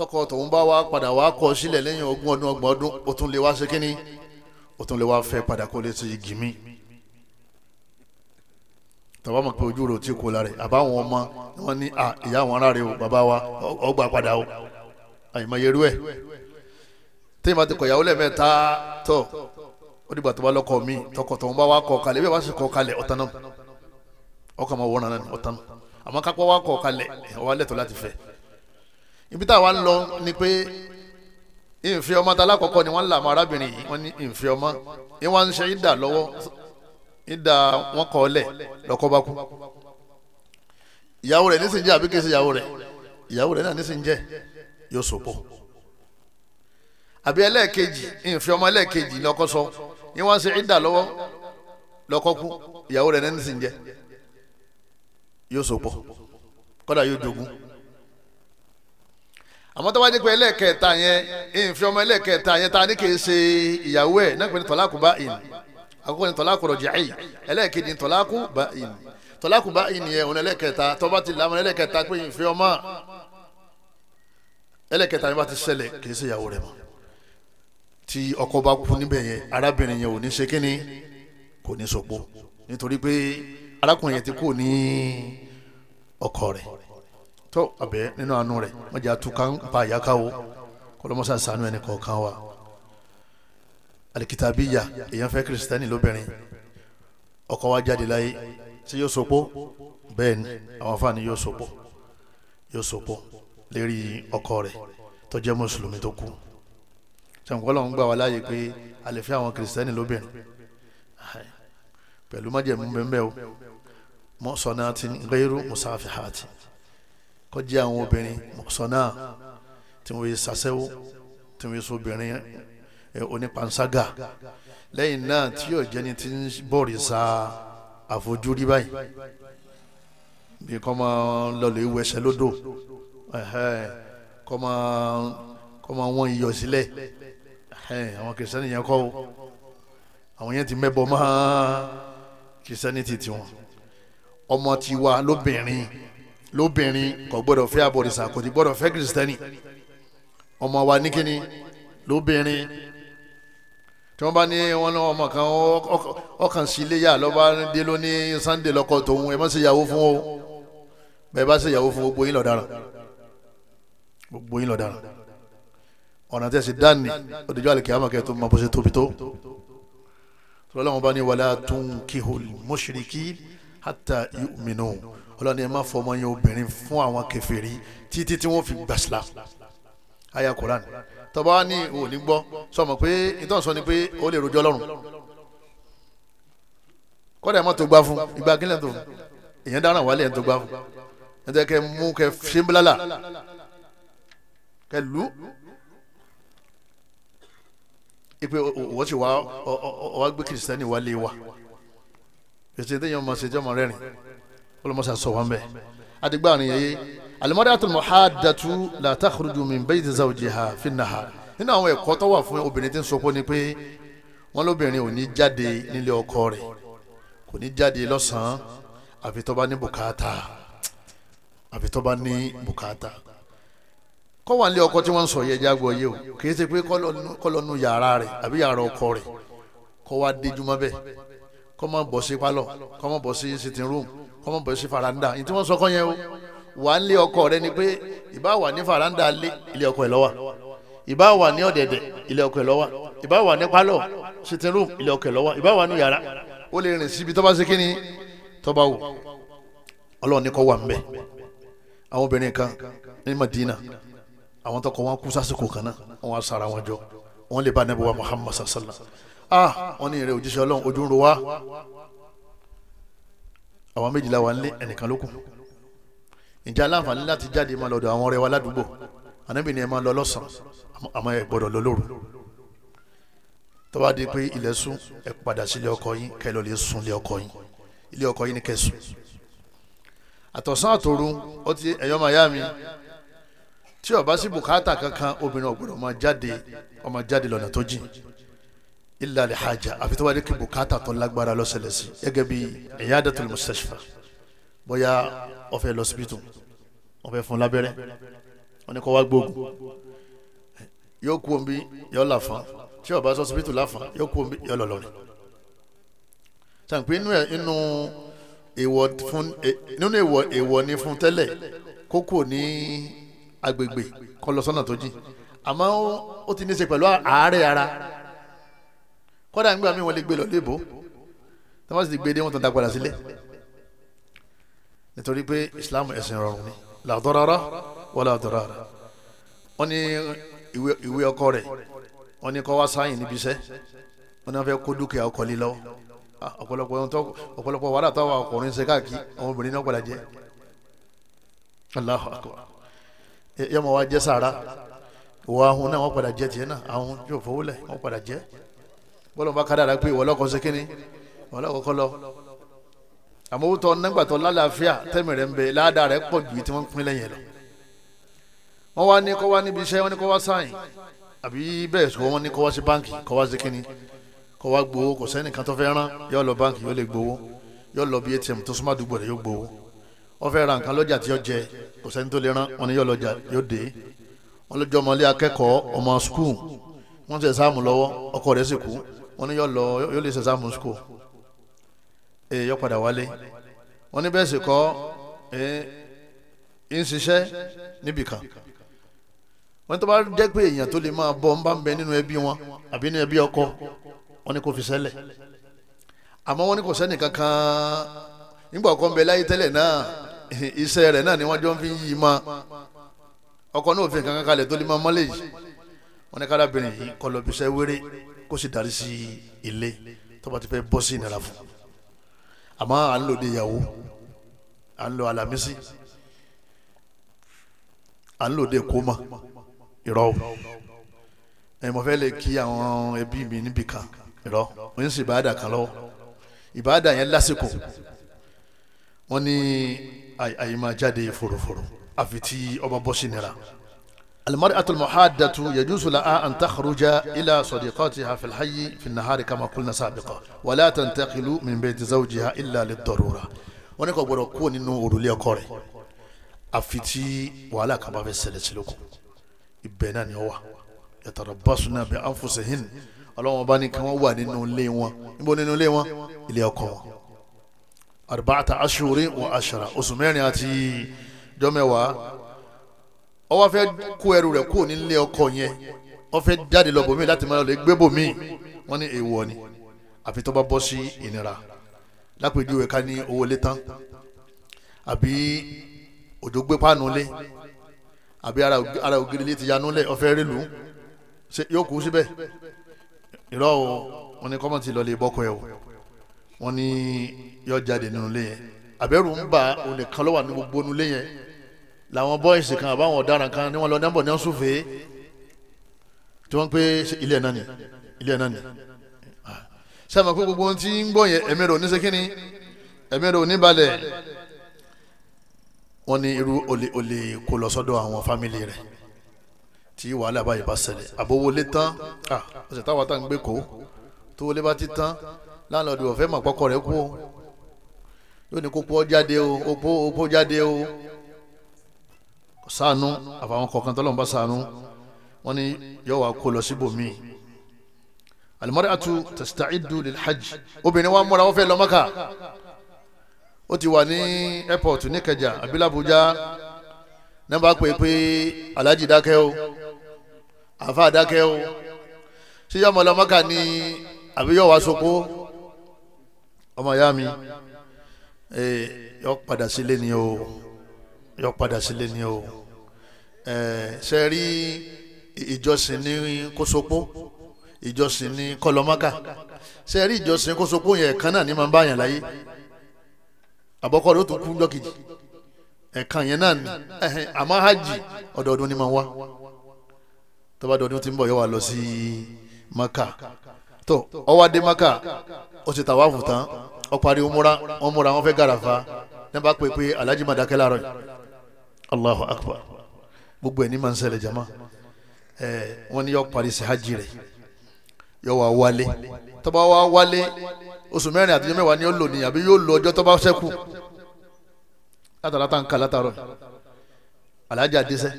tọkọ tòun bá wá padà wá kọ sílẹ̀ lẹ́yìn ogún ọdún ọgbọ̀n ọdún ó tún lè wá ṣe kínní ó tún lè wá fẹ́ padà kó lè ti igi mi tọ́ba mọ̀ pé ojú rò tí kò lára rẹ̀ àbáwọn ọmọ ni wọ́n ní à ìyá àwọn ará rẹ̀ o bàbá wa ọgbà padà o àyìnbó yerú ẹ̀ tẹ́yìn bá ti kọ̀ ìyàwó lẹ́ẹ̀mẹ́ta tọ̀ ó dìgbà tó bá lọ́kọ̀ mi tọkọ̀ tó bá wa kọ̀ kalẹ̀ bí wàá sì kọ̀ kalẹ̀ ọ̀tán náà ọkọ̀ máa wọ́n náà ọ̀tán àmọ́ kápẹ́ wa kọ̀ kalẹ̀ ọ̀wá lẹ́tọ̀ọ́ láti fẹ́ ibi tá a wá ń lọ ni pé ìfẹ́ ọmọ tá alákọ̀ọ́kọ́ ni wọ́n ń là mọ́ arábìnrin yìí wọ́n ní ìfẹ́ ọmọ yìí wọ́n ń ṣe ìdà lọ́wọ́ ìdà wọn kọ́ lẹ̀ lọ́kọ́ bá kú ìyàwó rẹ̀ nísìnyí jẹ́ àbí kìí ṣe ìyàwó rẹ̀ ìyàwó rẹ̀ náà nísìnyí jẹ́ yóò sòpọ̀ àbí ẹlẹ́ẹ̀kejì ìfẹ́ ọmọ ẹlẹ́ẹ̀kejì lọ́kọ́ sọ yìí wọ́n ṣe ìdà lọ́wọ́ lọ́kọ́ kú ìyàwó rẹ̀ náà nísìnyí jẹ́ yóò sòpọ̀ kọ́dà yóò jogún àmọ́ tó bá jẹ́ pé ẹlẹ́ẹ̀kẹta yẹn ìfẹ́ ọmọ ẹlẹ́ẹ̀kẹta yẹn ta ni kì í ṣe ìyàwó ẹ̀ náà pé ní tọ́lákù bá ìn àkọ́kọ́ ní tọ́lákù rọ̀jìí ẹlẹ́ẹ̀kejì ní tọ́lákù bá ìn tọ́lákù bá ìn yẹn òun ẹlẹ́ẹ̀kẹta tó bá ti làwọn ẹlẹ́ẹ̀kẹta pé ìfẹ́ ọmọ ẹlẹ́ẹ̀kẹta yẹn bá ti ṣẹlẹ̀ kì í ṣe ìyàwó rẹ̀ mọ́ tí ọkọ bá kú níbẹ̀ yẹn arábìnrin yẹn tó abẹ nínú àánú rẹ̀ wọn jà tún kán pa àyàká o kọlọmọsà sànú ẹni kọ̀ọ̀kan wa alikitabiya èèyàn fẹ́ Kristiani lóbìnrin ọkọ wa jáde láyé tí yóò sopó bẹ́ẹ̀ ni àwọn afáàní yóò sopó yóò sopó lérí ọkọ rẹ̀ tó jẹ́ mùsùlùmí tó kú sàǹkọ́lọ́ ń gbà wá láàyè pé a lè fẹ́ àwọn kristẹni lóbìnrin pẹ̀lú májẹ̀mú bẹ́ẹ̀ o mọ́sánná ti ń gbẹ́rú musáfihàtì kọjá àwọn obìnrin sọ̀nà tí wọ́n yé sasẹ́wó tí wọ́n yé sobìnrin eh, onípanṣágà lẹ́yìn náà tí yóò jẹ́ni tí ń bọ̀rì sa àfojúrí báyìí bí kọ́ máa lọlé wẹsẹ̀ lódò kọ́ máa kọ́ máa wọ́n iyọ̀ sílẹ̀ àwọn kìrìsìtẹ́nì yẹn kọ́ àwọn yẹn ti mẹ́bọ̀ máa kìrìsìtẹ́nì ti tiwọn ọmọ tiwa lóbìnrin lóbìnrin kò gbọ́dọ̀ fẹ́ abọ̀rìṣà kò ti gbọ́dọ̀ fẹ́ kìrìsìtẹ́nì ọmọ wa ní kíni lóbìnrin tí wọ́n bá ní wọn náà ọmọ kan ọkàn sí iléyà lọ́ba dé lóní sunday lọ́kọ tòun ẹ má ṣe yàwó fún o bẹ́ẹ̀ bá ṣe yàwó fún gbogbo yín lọ́daràn gbogbo yín lọ́daràn ọ̀nà tí a ṣe dání òdìjọ́ àlìkìyàmọ̀ kẹ́ tó máa bó ṣe tóbi tó tọ́lọ́wọ́n bá ní wàlá tunkihul mushriki hatta yu'minu ọlọ́ni ẹ má fọmọ yẹn obìnrin fún àwọn kèfèrí títí tí wọ́n fi gbàsílà àyà koran tọba wa ní ní gbọ́ sọmọ pé ìtàn sọ ni pé ó lè rojọ́ lọ́rùn kọ́dà ẹ̀ má tó gbá fún ìgbà kílẹ̀ tó èèyàn dáná wálé ẹ̀ tó gbá fún ẹ̀ tẹ́ kẹ́ mú kẹ́ ṣẹ́ńbílálà kẹ́ lù ipe wọ́n ti wá ọ ọ ọ wá gbé kìrìsìtẹ́nì wálé wa èsì téèyàn máa ṣe jọ́mọ rẹ́rìn olùmọ̀sá sọ wọn bẹ́ẹ̀ adigun àrùn yẹn al-mar'atul muhaddatu la takhruju min bayti zawjiha fi an-nahar nínú àwọn ẹ̀kọ́ tó wà fún obìnrin tí ń sopọ̀ ni pé wọ́n lóbìnrin ò ní jáde nílé ọkọ rẹ̀ kò ní jáde lọ́sàn-án àfi tó ní bùkátà àfi tó ní bùkátà kọ́ wà nílé ọkọ tí wọ́n ń sọ yẹ jágbọ́ yé o kì ṣe pé kọ́ yàrá rẹ̀ àbí yàrá ọkọ rẹ̀ kọ́ wá déjúmọ́ bẹ́ẹ̀ kọ́ má bọ̀ sí pálọ̀ kọ́ má bọ̀ sí sitting room kọ́mọ bọ̀ sí faranda yìí tí wọ́n sọ kọ́yẹn o wà ń lé ọkọ rẹ ni pé ìbá wà ní faranda lé ilé ọkọ ẹ̀ lọ́wọ́ ìbá wà ní ọ̀dẹ̀dẹ̀ ilé ọkọ ẹ̀ lọ́wọ́ ìbá wà ní pálọ̀ sitting room ilé ọkọ ẹ̀ lọ́wọ́ ìbá wà ní yàrá ó lè rìn síbi tó bá kíni tó bá ọlọ́run ní kọ́ wà mbẹ́ àwọn obìnrin kan ní Madina àwọn tọkọ wọn kú sásìkò kan náà wọn á sara wọn jọ wọn lè bá anabi wa Muhammad sallallahu alaihi wasallam ah wọn ní ìrẹ òjíṣẹ́ Ọlọ́run ojú ń ro wa àwọn méjìlá wa nílé ẹnìkan ló kù ǹjẹ́ aláǹfààní láti jáde máa lọ́dọ̀ àwọn ọ̀rẹ́ wa ládùúgbò ànábì ni ẹ máa lọ lọ́sàn-án àmọ́ ẹ gbọ́dọ̀ lọ lóru tó bá di pé ilẹ̀ sùn ẹ padà sílé ọkọ yín kẹ́ lọ lè sùn lé ọkọ yín ilé ọkọ yín ni kẹ́ sùn àtọ̀sán àtòru ó ti ẹ̀yọ́ máa yá mi tí ó bá sí bùkátà kankan obìnrin ò gbọ́dọ̀ máa jáde ó jáde lọ́nà tó jìn illa li haja àfi tó bá dé kí bùkátà tó lágbára ló ṣẹlẹ̀ sí gẹ́gẹ́ bí iyadatul mustashfa bóyá ó fẹ́ lọ síbítù ó fẹ́ fún lábẹ́rẹ́ wọ́n ní kó wá gbóògùn yóò kú omi yóò làfàn tí ó bá sọ síbítù làfàn yóò kú omi yóò lọlọrin sàǹpé inú ẹ inú èèwọ̀ fún nínú èèwọ̀ èèwọ̀ ni fún tẹ́lẹ̀ kókò ní agbègbè kọlọsọ́nà tó jìn àmọ́ ó ti ní í ṣe pẹ̀lú àárẹ̀ ara kọ́dà nígbà míì wọ́n lè gbé lọ léèbó tí wọ́n sì gbé dé wọ́n tún dàgbàdà sílẹ̀ nítorí pé Islam ẹ̀sìn rọrùn ni la darara wala darara wọ́n ní ìwé ọkọ rẹ̀ wọ́n ní kó wá sáyìn níbi iṣẹ́ wọ́n náà fẹ́ kó dúkìá ọkọ lé lọ́wọ́ ọ̀pọ̀lọpọ̀ ọ̀pọ̀lọpọ̀ wàhálà táwọn ọkùnrin ṣe káàkiri àwọn obìnrin náà padà jẹ́ padà jẹ́ bọ́lọ̀ bá kádàrá pé ìwọ lọ́kọ̀ sékíní ìwọ lọ́kọ̀ lọ. àmọ́ owó tọ́ nígbàtọ́ lálàáfíà tẹ́mi rẹ̀ ń bẹ ládàá rẹ̀ pọ̀ ju tí wọ́n pín lẹ́yìn lọ. wọ́n wá ní kó wá níbi iṣẹ́ wọ́n ní kó wá sáyìn àbí bẹ́ẹ̀ sọ wọ́n ní kó wá sí báǹkì kó wá sékíní kó wá gbowó kò sẹ́nìkan tó fẹ́ rán yóò lọ báǹkì yóò lè gbowó yóò lọ bí ATM tó súnmọ́ àdúgbò rẹ̀ yóò gbowó wọ́n fẹ́ ra nǹkan lọ́jà tí yóò jẹ kò sẹ́ni tó lè rán wọn ni yóò lọ́jà yóò dé wọn lọ́jọ́ ọmọlé akẹ́kọ̀ọ́ ọmọ skul wọ́n ti sáàmù lọ́wọ́ ọkọ rẹ̀ sì kú wọ́n ní yọ lọ yóò lè sẹ́sàmù skul ee yọ padà wálé wọ́n ní bẹ́ẹ̀ sì kọ́ ee ń ṣiṣẹ́ níbìkan wọ́n tó bá jẹ́ pé èèyàn tó lè máa bọ́ ń bá ń bẹ nínú ẹbí wọn àbí nínú ẹbí ọkọ wọ́n ní kò fi sẹ́lẹ̀ àmọ́ wọ́n ní kò sẹ́nì kankan nígbà ọkọ ń bẹ láyé tẹ́lẹ̀ náà iṣẹ́ rẹ̀ náà ni wọ́n jọ ń fi yí i ma ọkọ náà ò fi nǹkan kan kalẹ̀ tó lè máa mọ́lẹ̀ yìí wọ́n ní kárábìnrin yìí kọ́ lọ́ọ́ wéré kó sì darí sí ilé tó bá ti fẹ́ bọ́ sí ìnira fún àmọ́ à ń lò ní ìyàwó à ń lò alamisi à ń lò ní kóma ìrọ̀ ẹ̀ mọ̀ fẹ́ lè kí àwọn ẹbí mi níbì kan ìrọ̀ mo ń sì ìbáàdà kan lọ́wọ́ ìbáàdà yẹn lásìkò wọ́n ní àyè máa jáde fòròfòrò àfi tí ọba bọ́ sí ìnira. المرأة المحادة يجوز لها أن تخرج إلى صديقاتها في الحي في النهار كما قلنا سابقا ولا تنتقل من بيت زوجها إلا للضرورة wọ́n kò gbọ́dọ̀ kúrò nínú òrùlé ọkọ rẹ̀ àfi tí wàhálà kan bá fẹ́ ṣẹlẹ̀ sí lóko ibẹ̀ náà ni ó wà yatarabbasna bi anfusihin ọlọ́wọ́n bá ní kí wọ́n wà nínú ilé wọn níbo nínú ilé wọn ilé ọkọ wọn. arba'ata ashuri wa ashara oṣù mẹ́rin àti jọ́mẹ́wàá ó wá fẹ́ kó ẹrù rẹ̀ kúrò nílé ọkọ yẹn ó fẹ́ jáde lọ bòmíì láti máa lọ gbé bòmíì wọ́n ní èèwọ̀ ni àfi tó bá bọ́ sí ìnira lápèjúwe ká ní owó lé tán àbí òjò gbé páànù lé àbí ara ògiri lé ti yanú lẹ̀ ó fẹ́ rélùú ṣe yóò kú síbẹ̀ irọ́ o wọ́n ní kọ́mọ̀tì lọ́ọ́ lè bọ́kọ ẹ̀ o wọ́n ní yọ jáde nínú ilé yẹn àbẹ̀rù ń bà onìkan ló wà ní gbogbo nínú ilé yẹn làwọn bọ́ìsì kan àbáwọn ọ̀daràn kan ni wọ́n lọ dábọ̀ ní ọ̀sùnfẹ́ tí wọ́n pé ilé ẹ̀ náà ni ilé ẹ̀ náà ni sábà ah. pé gbogbo ohun tí ń gbọ́ yẹn ẹ̀mí rẹ̀ ò ní ṣe kíni ẹ̀mí rẹ̀ ò ní balẹ̀ wọ́n ní irú olè olè kó lọ sọ́dọ̀ àwọn fámìlì rẹ̀ tí wàhálà báyìí bá ṣẹlẹ̀ àbówọlé tán ọ̀sẹ̀ ah, táwa tá à ń gbé kó tó wọlé bá ti tán láńlọ́ọ̀dù ọ̀fẹ́ màpọ́kọ̀ rẹ̀ kú ó yóò kó pọ́ jáde o kó pọ́ jáde o ṣàánú àfàwọn kọ̀ọ̀kan tọ́lọ́run bá ṣàánú wọ́n ní yóò wá kó lọ síbòmí almar'atu tasta'iddu lil hajj obìnrin wa múra wọ́n fẹ́ lọ Mákà ó ti wà ní airport ní Ìkẹjà àbí Àbújá nọ́mbà pé pé alájì dákẹ́ o àfa dákẹ́ o ṣíṣe ọmọ lọ Mákà àbí yóò wá soko ọmọ ìyá mi eh, yọ padà sílé ni o yọ padà sílé ni o ṣe rí ìjọsìn ní kósopo ìjọsìn ní kọlọmọkà ṣe rí ìjọsìn kósopo yẹn kan náà ní máa ń bá yàn láyé àbọ̀kọ́ rẹ̀ ó tún kú ńjọ́ kejì ẹ̀kan yẹn náà ni àmọ́ hajj ọ̀dọ̀ọdún ni máa wá tó bá dọ̀ọdún tí ń bọ̀ yóò wá lọ sí maka tó ó wá dé maka ó ti tàwa fún tán ó parí umura wọn múra wọn fẹ́ gàràfà ní bá pé alhaji madakẹ́ láàárọ̀ yìí allahu akbar gbogbo ẹ̀ ní máa ń ṣẹlẹ̀ jama ẹ̀ wọ́n ní yọ parí sí hajj rẹ̀ yọ wá wálé tó wá wálé oṣù mẹ́rin àtijọ́ mẹ́wàá ni yóò lò ní àbí yóò lò ọjọ́ tó bá ṣẹ́kù látara tá n kà látàrọ̀ alájà dẹ́sẹ̀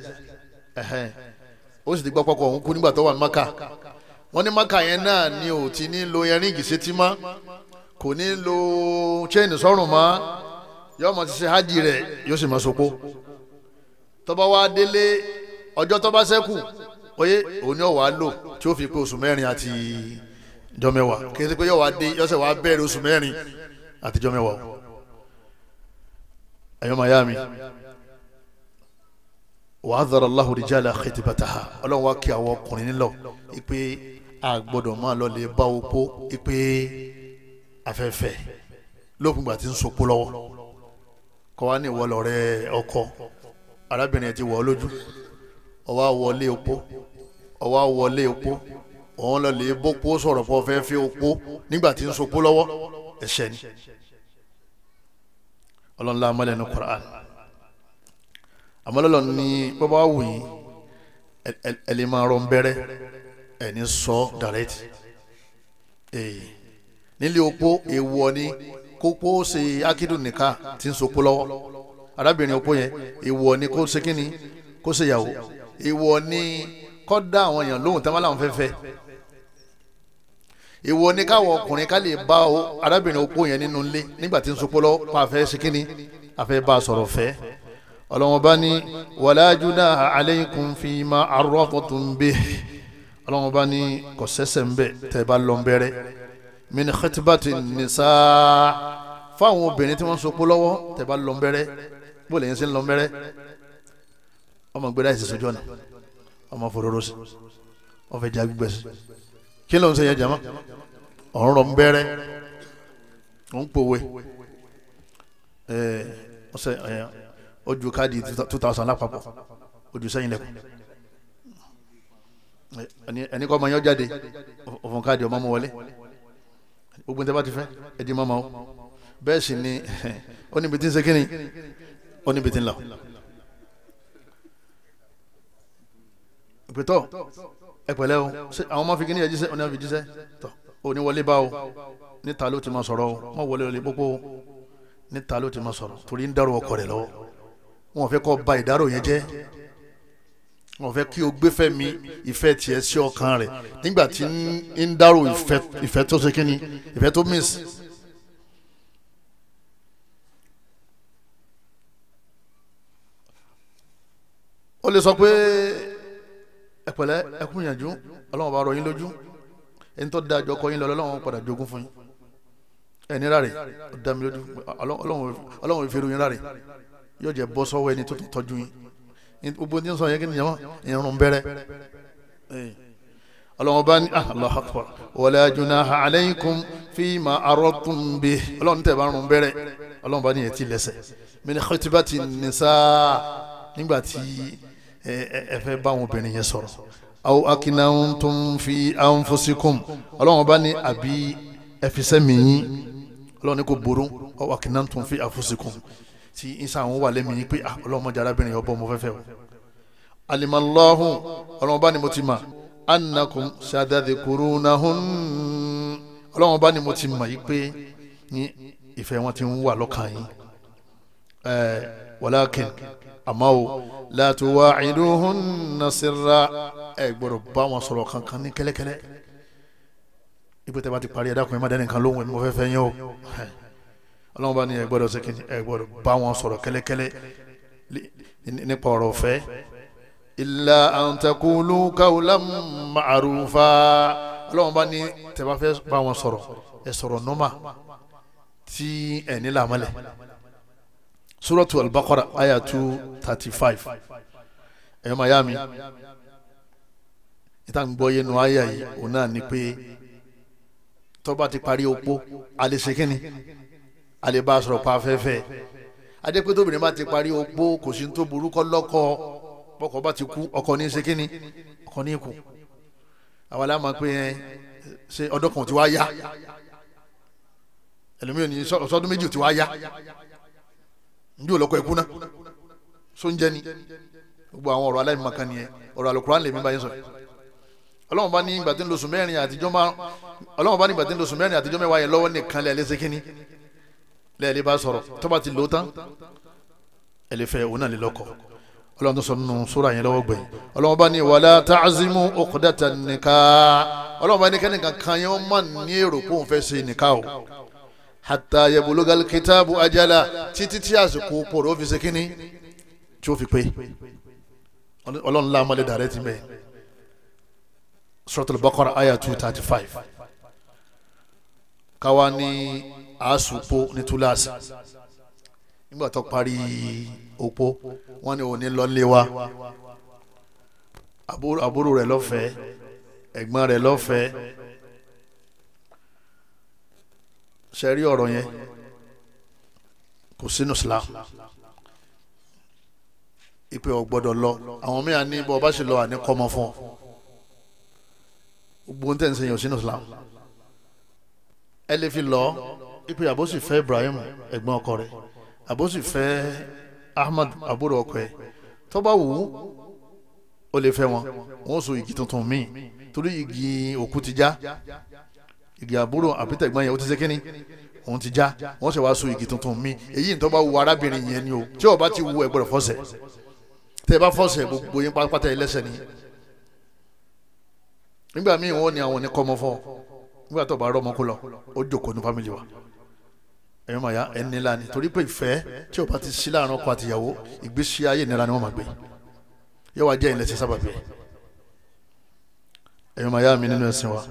ẹ̀hẹ́n ó sì ti gbọ́ pọ́pọ́ òun kú nígbà tó wà ní maka wọ́n ní maka yẹn náà ni ò ti ní lo ẹríngì sétí mọ́ kò ní lo chain sọ́rùn mọ́ yọ́ọ́ mọ́ ti ṣe hajj rẹ̀ yóò sì máa sopó tọ́ba wa délé ọjọ́ tọ́ba sẹ́kù oye òun ni ọ̀wá lò tí ó fi pé oṣù mẹ́rin àti jọmẹ́wàá kí ẹsẹ̀ pé yọ̀wá dé yọ̀sẹ̀ wá bẹ̀rẹ̀ oṣù mẹ́rin àti jọmẹ́wàá o ẹ̀yọ́ mayami wà á zara Allahu rijala khitbataha ọlọ́run wá kí àwọn ọkùnrin nílọ ipe a gbọ́dọ̀ máa lọ lè bá opó ipe afẹ́fẹ́ lópin ìgbà tí ń sopó lọ́wọ́ kọ́ wa ní ìwọlọ́rẹ́ ọkọ arábìnrin ti wọ̀ ọ́ lójú ọwọ́ wọlé opó ọwọ́ wọlé opó òun lọ lè bópó sọ̀rọ̀ fún ọ̀fẹ́ fi opó nígbà tí ń sopó lọ́wọ́ ẹ̀ṣẹ̀ ni ọlọ́nla amọ́lẹ̀ ní Qur'an amọ́lọ́lọ́ ní bọ́bá wù yín máa rọ ń bẹ́rẹ́ sọ direct nílé opó èèwọ̀ ni kópó ṣe akídùn nìkan tí ń sopó lọ́wọ́ arábìnrin opó yẹn ìwọ ni kó ṣe kíni kó ṣe yàwó ìwọ ni kó dá àwọn èèyàn lóhùn tẹ́wọ́n láwọn fẹ́fẹ́ ìwọ ni káwọn ọkùnrin ká lè bá o arábìnrin opó yẹn nínú ilé nígbà tí ń sopó lọ pa àfẹ́ ṣe kíni àfẹ́ bá a sọ̀rọ̀ fẹ́ ọlọ́wọ́n bá ní wala junaha alaykum fima arraftum bihi ọlọ́wọ́n bá ní kò sẹ́sẹ̀ ń bẹ̀ tẹ́ bá lọ bẹ̀rẹ̀ min khitbati nisa fáwọn obìnrin tí wọ́n sopó lọ́wọ́ tẹ́ bá lọ bẹ̀rẹ̀ bó lè yẹn ṣe ń lọ mẹ́rẹ́ ọmọ gbé ráìsì sójú ọ̀nà ọmọ fòróró sí wọn fẹ́ já gbígbẹ́ sí kí ló ń ṣe yẹn jàmọ́ ọ̀run rọ̀ ń bẹ́rẹ́ ń pòwe ọ̀sẹ̀ ojú káàdì two thousand lápapọ̀ ojú sẹ́yìn lẹ́kọ̀ọ́ ẹni kọ́ ọmọ yẹn jáde òfin káàdì ọmọ mu wọlé gbogbo tẹ́ bá ti fẹ́ ẹ̀dín mọ́mọ́ o bẹ́ẹ̀ sì ni ó níbi tí ń ṣe kí ni ó níbi tí ń lọ. ìpètọ́ ẹ̀pẹ̀lẹ́ o àwọn máa fi kíní ẹ̀jíṣẹ́ ọ̀nà ìjíṣẹ́ tọ́ ò ní wọlé bá o níta ló ti máa sọ̀rọ̀ o wọ́n wọlé olè pópó o níta ló ti máa sọ̀rọ̀ torí ń dárò ọkọ rẹ̀ lọ́wọ́ wọn fẹ́ kó ba ìdárò yẹn jẹ́ wọn fẹ́ kí o gbé fẹ́ mi ìfẹ́ tiẹ̀ sí ọkàn rẹ̀ nígbà tí ń dárò ìfẹ́ tó ṣe kíni ìfẹ́ tó miss ó lè sọ pé ẹ pẹ̀lẹ́ ẹ kú bá rọ yín lójú ẹni tó da àjọkọ yín lọ lọ́wọ́ padà jogún fún yín ẹni rárẹ ó dá mi lójú ọlọ́run ìfẹ́ ròyìn rárẹ yóò jẹ́ bọ́ sọ́wọ́ ẹni tó tún tọ́jú yín gbogbo ní sọ yẹn kí ni jẹ́ mọ́ ìrùn bẹ́rẹ́ ọlọ́run bá ní ah, Allahu Akbar wala junaha alaykum fima aradtum bihi ọlọ́run tẹ̀ bá rùn bẹ́rẹ̀ ọlọ́run bá ní yẹn ti lẹ́sẹ̀ min khitbati nisa nígbà tí ẹ fẹ́ bá àwọn obìnrin yẹn sọ̀rọ̀ aw akinantum fi anfusikum ọlọ́run bá ní àbí ẹfisẹ́ mìíyín ọlọ́run ní kò borún aw akinantum fi anfusikum tí isan àwọn wà lẹ́mìíyín pé ah, ọlọ́run mọ̀jà arábìnrin ọbọ̀ ọmọ fẹ́fẹ́ o alimallahu ọlọ́run bá ní mo ti mà annakum sadadhkurunahun ọlọ́run bá ní mo ti mà yí pé ìfẹ́ wọn ti ń wà lọ́kàn yín walakin àmọ́ o làtúwà ìdúhùn nasira ẹ gbọ́dọ̀ bá wọn sọ̀rọ̀ kankan ní kẹ́lẹ́kẹ́lẹ́ ipò tẹ́ bá ti parí ẹ̀dá kan ẹ̀ má dẹ́ni kan lóhùn ẹ̀ mọ́ fẹ́fẹ́ yẹn o ọlọ́run bá ní ẹ gbọ́dọ̀ sẹ́kìn ẹ gbọ́dọ̀ bá wọn sọ̀rọ̀ kẹ́lẹ́kẹ́lẹ́ nípa ọ̀rọ̀ ọ̀fẹ́ illa an takulu qawlan ma'rufa ọlọ́run bá ní tẹ́ bá fẹ́ bá wọn sọ̀rọ̀ ẹ sọ̀rọ̀ nọ́mà tí ẹ̀ nílà mọ́lẹ̀ suratu al-baqara aya two thirty five ẹ̀yọ́ mayami níta ń gbọ́ yẹnu aya yìí òun náà ni pé tọ́ba ti parí opó alẹ́sẹ̀kínni alẹ́bá sọ̀rọ̀ pa afẹ́fẹ́ adépé tóbìnrin bá ti parí opó kò sí tó burú kọ́ lọ́kọ bọ́kọ bá ti kú ọkọ ní sẹ́kínni ọkọ ní ikú àwa la pé ṣe ọdọ́ kan ti wá yá ẹlòmíràn ní ọsọdún méjì ti wá yá njó lọkọ ẹkú ná sóúnjẹ ni gbogbo àwọn ọ̀rọ̀ aláìmọ̀kan ni ẹ ọ̀rọ̀ àlùkùránì lèmi báyìí sọ ọlọ́run bá ní ìgbà tí ń lo oṣù mẹ́rin àtijọ́ máa ọlọ́run bá ní ìgbà tí ń lo oṣù mẹ́rin àtijọ́ mẹ́wàá yẹn lọ́wọ́ nìkan lẹ́ẹ̀lẹ́ ṣe kínní lẹ́ẹ̀lẹ́ bá sọ̀rọ̀ tó bá ti lò tán ẹlẹ́fẹ́ òun náà lè lọ́kọ̀ ọlọ́run tó sọ nínú sóra yẹn lọ́wọ́ ní wàlá ta'zimu uqdatan nikah ọlọ́run ní kẹ́nìkan hatta yabulugal kitabu ajala títí tí àsìkò pòrò ó fi ṣe kínní tí ó fi pé ọlọ́run lámọ́lẹ̀ dàrẹ́ ti mẹ́ suratul baqara aya two thirty five káwa ní àásùpó ní túláàsì nígbà tó parí opó wọn ni òní lọ́lé wa àbúrò rẹ̀ lọ́fẹ̀ẹ́ ẹ̀gbọ́n rẹ̀ lọ́fẹ̀ẹ́ ṣe rí ọ̀rọ̀ yẹn kò sínú Islam ìpè ò gbọ́dọ̀ lọ àwọn míràn ní bọ́ ọba sì lọ àní kọ́mọ fún ọ gbogbo tẹ̀ ń sẹ́yìn ò sínú Islam ẹ lè fi lọ ìpè àbó fẹ́ Ibrahim ẹ̀gbọ́n ọkọ rẹ̀ àbó fẹ́ Ahmad àbúrò ọkọ ẹ̀ tó bá wù ú ó lè fẹ́ wọn wọn ó so igi tuntun míì torí igi òkú ti já igi àbúrò àbítẹ̀gbọ́n yẹn ó ti ṣe kínní òun ti já wọ́n sì wá so igi tuntun mi èyí tó bá wu arábìnrin yẹn ni o tí ó bá ti wu ẹ gbọ́dọ̀ fọ́sẹ̀ tẹ́ ẹ bá fọ́sẹ̀ gbogbo yín pátá ẹ lẹ́sẹ̀ ni nígbà míì wọ́n ní àwọn ní kọ́mọ fọ́ nígbà tó bá rọ́mọ kó lọ ó jókòó ní fámìlì wa ẹ̀yin màá ya ẹ̀ nílá ni torí pé ìfẹ́ tí ó bá ti sí láàrin ọkọ àtìyàwó ìgbésí ayé ìnira ni wọ́n máa gbé yóò wá jẹ́ ìlẹ̀sẹ̀ sábàbí ẹ̀yin màá ya mi nínú ẹ̀sìn wa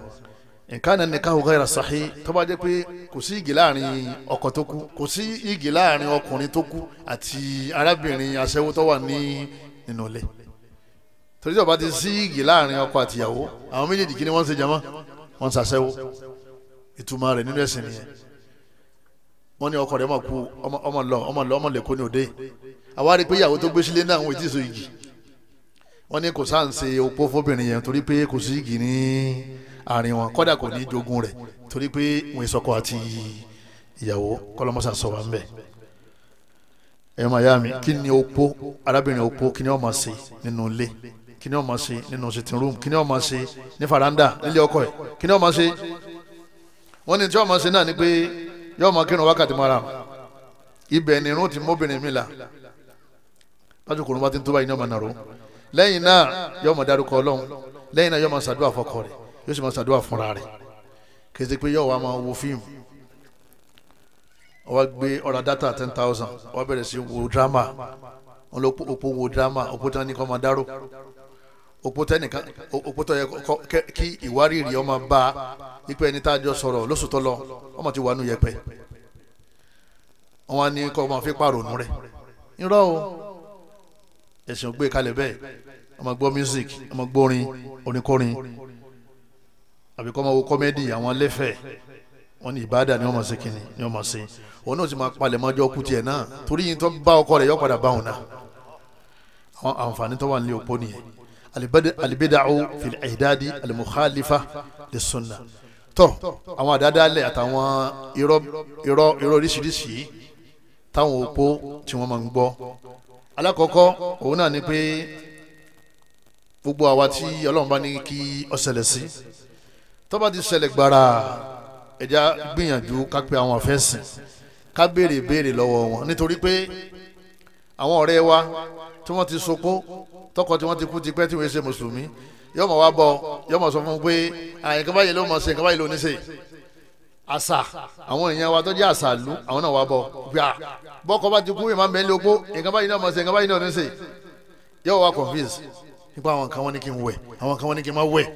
nǹkan náà nìkan ò gẹ́rẹ́ sàhí tó bá jẹ́ pé kò sí igi láàrin ọkọ tó kú kò sí igi láàrin ọkùnrin tó kú àti arábìnrin aṣẹ́wó tó ní nínú ilé torí tí ó bá ti sí igi láàrin ọkọ àtìyàwó àwọn méjèèjì kí ni wọ́n ń ṣe jama wọ́n ń ṣàṣẹ́wó ìtumọ̀ rẹ̀ nínú ẹ̀sìn nìyẹn wọ́n ní ọkọ rẹ̀ máa kú ọmọ lọ ọmọ lọ ọmọ lè kó ní òde àwa rí i pé ìyàwó tó gbé sílé náà àwọn ètí ìsò igi wọ́n ní kò sáà ń ṣe opó fóbìnrin yẹn torí pé kò sí igi ní àárín wọn kọ́dà kò ní jogún rẹ̀ torí pé wọn ìsọkọ àti ìyàwó kọlọmọsà sọ wà ń bẹ ẹ máa yá mi kí ni opó arábìnrin opó kí ni ó máa ṣe nínú ilé kí ni ó máa ṣe nínú sitting room kí ni ó máa ṣe ní faranda nílé ọkọ ẹ̀ kí ni ó máa ṣe wọn ní tí ó máa ṣe náà ni pé yóò máa kírun wákàtí mara ibẹ̀ ni irun ti mọ́bìnrin mi la lọ́jọ́ kòrò bá ti ń tó báyìí ní ọmọ nàró lẹ́yìn náà yóò máa dárúkọ ọlọ́run lẹ́yìn náà yóò máa ṣàdúrà fọkọ rẹ̀ yóò sì máa ṣàdúrà fúnra rẹ̀ kì í pé yóò wá máa wo fíìmù ó gbé ọ̀rá dátà ten thousand ó wá bẹ̀rẹ̀ sí wo drama wọn lọ òpó wo drama òpó tán ní kọ́ máa dárò òpó tẹnìkan òpó tó yẹ kí ìwárìrì ọmọ bá ipe ẹni tá a jọ sọ̀rọ̀ lóṣù tó lọ ọmọ ti wà nù yẹpẹ wọn ní kọ́ ọmọ fi pàrònú rẹ̀ irọ́ o ẹ̀sìn ògbé kalẹ̀ bẹ́ẹ̀ ọmọ gbọ́ music ọmọ gbórin orin kórin àbí kọ́ máa wo kọ́mẹ́dì àwọn lẹ́fẹ̀ẹ́ wọn ní ìbáàdà ni wọn máa ṣe kínní ni wọn máa ṣe òun náà sì máa palẹ̀ mọ́ ọjọ́ kú tiẹ̀ náà torí yìí tó bá ọkọ rẹ̀ yọ padà bá òun náà àwọn àǹfààní tó wà nílé òpó nìyẹn alibida'u fil ihdadi alimukhalifa li sunna tọ àwọn àdádálẹ̀ àtàwọn irọ́ irọ́ irọ́ oríṣiríṣi táwọn òpó tí wọ́n máa ń gbọ́ alákọ̀ọ́kọ́ òun náà ni pé gbogbo àwa tí Ọlọ́run bá ní kí ó sí tó bá ti ṣẹlẹ̀ gbàrà ẹ̀já gbìyànjú ká pe àwọn àfẹ́sìn ká béèrè béèrè lọ́wọ́ wọn nítorí pé àwọn ọ̀rẹ́ wa tí wọ́n ti sopó tọkọ tí wọ́n ti kú ti pẹ́ tí wọ́n ṣe mùsùlùmí yóò mọ̀ wá bọ̀ yóò mọ̀ sọ fún un pé àyìn kan báyìí ló mọ̀ ṣe nǹkan báyìí ló ní ṣe àṣà àwọn èèyàn wa tó jẹ́ àṣà lu àwọn náà wá bọ̀ gbà bọ́kọ bá ti kú ìmọ̀ mẹ́lẹ́ opó nǹkan báyìí náà mọ̀ ṣe nǹkan báyìí náà ní ṣe yóò wá confuse nípa àwọn kan wọn ní kí n wẹ̀ àwọn kan wọn ní kí n má wẹ̀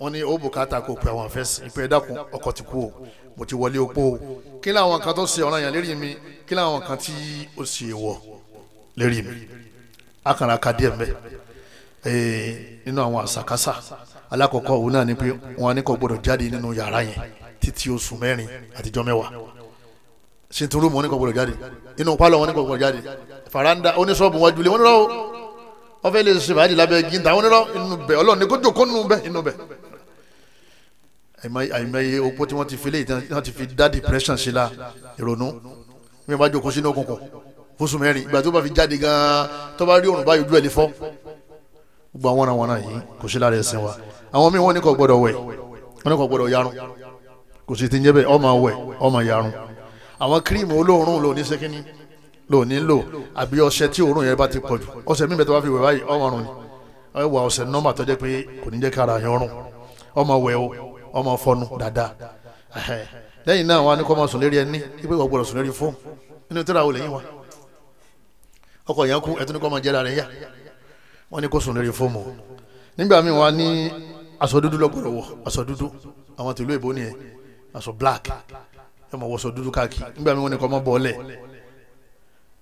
wọ́n ní ó bùkátà kò pé àwọn afẹ́sìn ìpè ẹ̀dàkùn ọkọ ti kú o mo ti wọlé opó o kí làwọn kan tó ṣe ọ̀ràn yẹn lérí mi kí làwọn kan tí ó ṣe wọ̀ lérí mi akàrà ka díẹ̀ ee nínú àwọn àṣàkáṣà alákọ̀ọ́kọ́ òun náà ni pé wọ́n á ní kò gbọ́dọ̀ jáde nínú yàrá yẹn títí oṣù mẹ́rin àtijọ́ mẹ́wàá sinturu mu wọ́n ní kò gbọ́dọ̀ jáde inú pálọ̀ wọ́n ní kò gbọ́dọ̀ jáde faranda oníṣọ́ọ̀bù wájú lé wọ́n ní lọ́wọ́ wọ́n fẹ́ lè ṣèbáyé lábẹ́ gíńtà wọ́n ní lọ́wọ́ inú bẹ̀ ọlọ́ọ̀ni kó jòkó nù bẹ́ẹ̀ inú bẹ́ẹ̀ àìmọye opó tí wọ́n ti fi lé ìtàn ti fi dá depression sí la ìrònú bí wọ́n bá jókòó sínú òkùnkùn fóṣù mẹ́rin ìgbà tó bá fi jáde gan-an tó bá rí òrùn báyìí ojú ẹ̀ lè fọ́ gbogbo àwọn àwọn náà yìí kò sí lára ẹ̀sìn wa àwọn míì wọ́n ní kò gbọ́dọ̀ wẹ̀ wọ́n ní kò gbọ́dọ̀ yarun kò sì ti ń jẹ́ bẹ́ẹ̀ ó máa wẹ̀ ó máa yarun àwọn kírímù olóòórùn lò ní sẹ́kínní lò ní lò àbí ọṣẹ tí òórùn yẹn bá ti pọ̀jù ọṣẹ míì tó bá fi wẹ̀ báyìí ó máa ni wà ọṣẹ nọ́mà tó jẹ́ pé kò ní jẹ́ kára yẹn rùn ó wẹ̀ o ọmọ fọnu dáadáa lẹ́yìn náà wọn á ní kó máa ẹni ibi ìwọ gbọ́dọ̀ sùn lérí fóun nínú tíra wò lẹ́yìn wa ọkọ yẹn kú ẹtún ní kó máa jẹ́ra rẹ̀ yá wọ́n ní kó sùn lérí fóun o nígbà míì wọn á aṣọ dúdú lọ́gbọ̀dọ̀ wọ̀ aṣọ dúdú àwọn tìlú èbó nìyẹn aṣọ black ẹ mọ̀ wọṣọ dúdú káàkiri nígbà míì wọn ní kó máa bọ̀ ọ́lẹ̀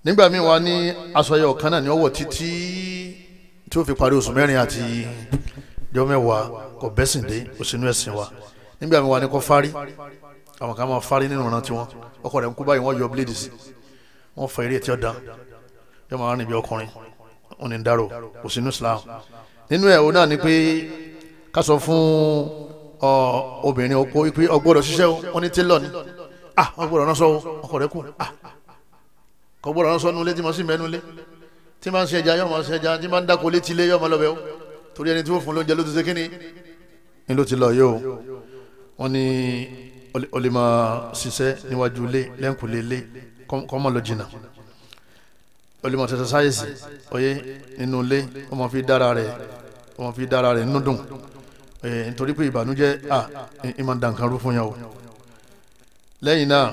nígbà míì wọn á ní aṣọ yẹ ọ̀kan náà ní ọwọ́ títí tí ó fi parí oṣù mẹ́rin àti jọ́ mẹ́wàá kò bẹ́sìn dé kò sínú ẹ̀sìn wa nígbà mi wà ní kò fárí àwọn kan máa fárí nínú ìrántí wọn ọkọ rẹ̀ ń báyìí wọ́n yọ bíléèdì sí wọ́n fa eré tí ó dán yọ máa rìn bí ọkùnrin wọn ni ń dárò kò sínú Islam nínú ẹ̀ o náà ni pé ká sọ fún obìnrin opó pé ọgbọ́dọ̀ ṣiṣẹ́ wọn ní télọ̀ ni ah ọgbọ́dọ̀ náà sọ ọkọ rẹ̀ kù ah kọ̀gbọ́dọ̀ náà sọ nulẹ̀ tí mo sì mẹ́nu lé tí máa ń ṣe ẹja yọ máa ń ṣe ẹja tí máa ń dáko létí lé yọ máa lọ bẹ́ẹ̀ o torí ẹni tí wọ́n fún lóúnjẹ ló ti ṣe kíni ni ló ti lọ yìí o wọ́n ní o lè máa ṣiṣẹ́ níwájú ilé lẹ́ǹkùlé ilé kọ́mọ lọ jìnnà o lè máa ṣẹṣẹ sáyẹ̀sì oyé nínú ilé wọ́n máa fi dára rẹ̀ wọ́n máa fi dára rẹ̀ nínú dùn nítorí pé ìbànújẹ́ à ìmọ̀ dànkan rú fún yàn lẹ́yìn náà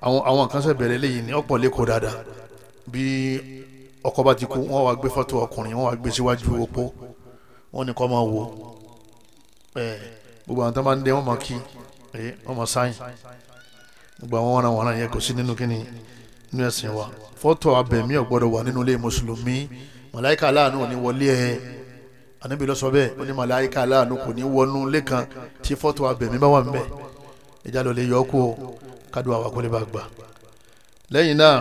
àwọn àwọn kan bẹ̀rẹ̀ lẹ́yìn ní ọ̀pọ̀ lẹ́kọ̀ọ́ dáadáa bí ọkọ bá ti kú wọ́n wá gbé fọ́tò ọkùnrin wọ́n wá gbé síwájú opó wọ́n ní kọ́ máa wo gbogbo àwọn tó máa ń dé wọ́n máa kí wọ́n máa sáyìn gbogbo àwọn wọn àwọn yẹn kò sí nínú kíni nínú ẹ̀sìn wa fọ́tò abẹ̀mí ò gbọ́dọ̀ wà nínú ilé mùsùlùmí màláìka aláàánú ò ní wọlé ẹ ànábì ló sọ bẹ́ẹ̀ ó ní màláìka aláàánú kò ní wọnú lẹ́kan tí fọ́tò abẹ̀mí bá wà ń bẹ̀ ìjà ló lè yọ ọ́ o kádùn àwọn akọ́lé bá gbà lẹ́yìn náà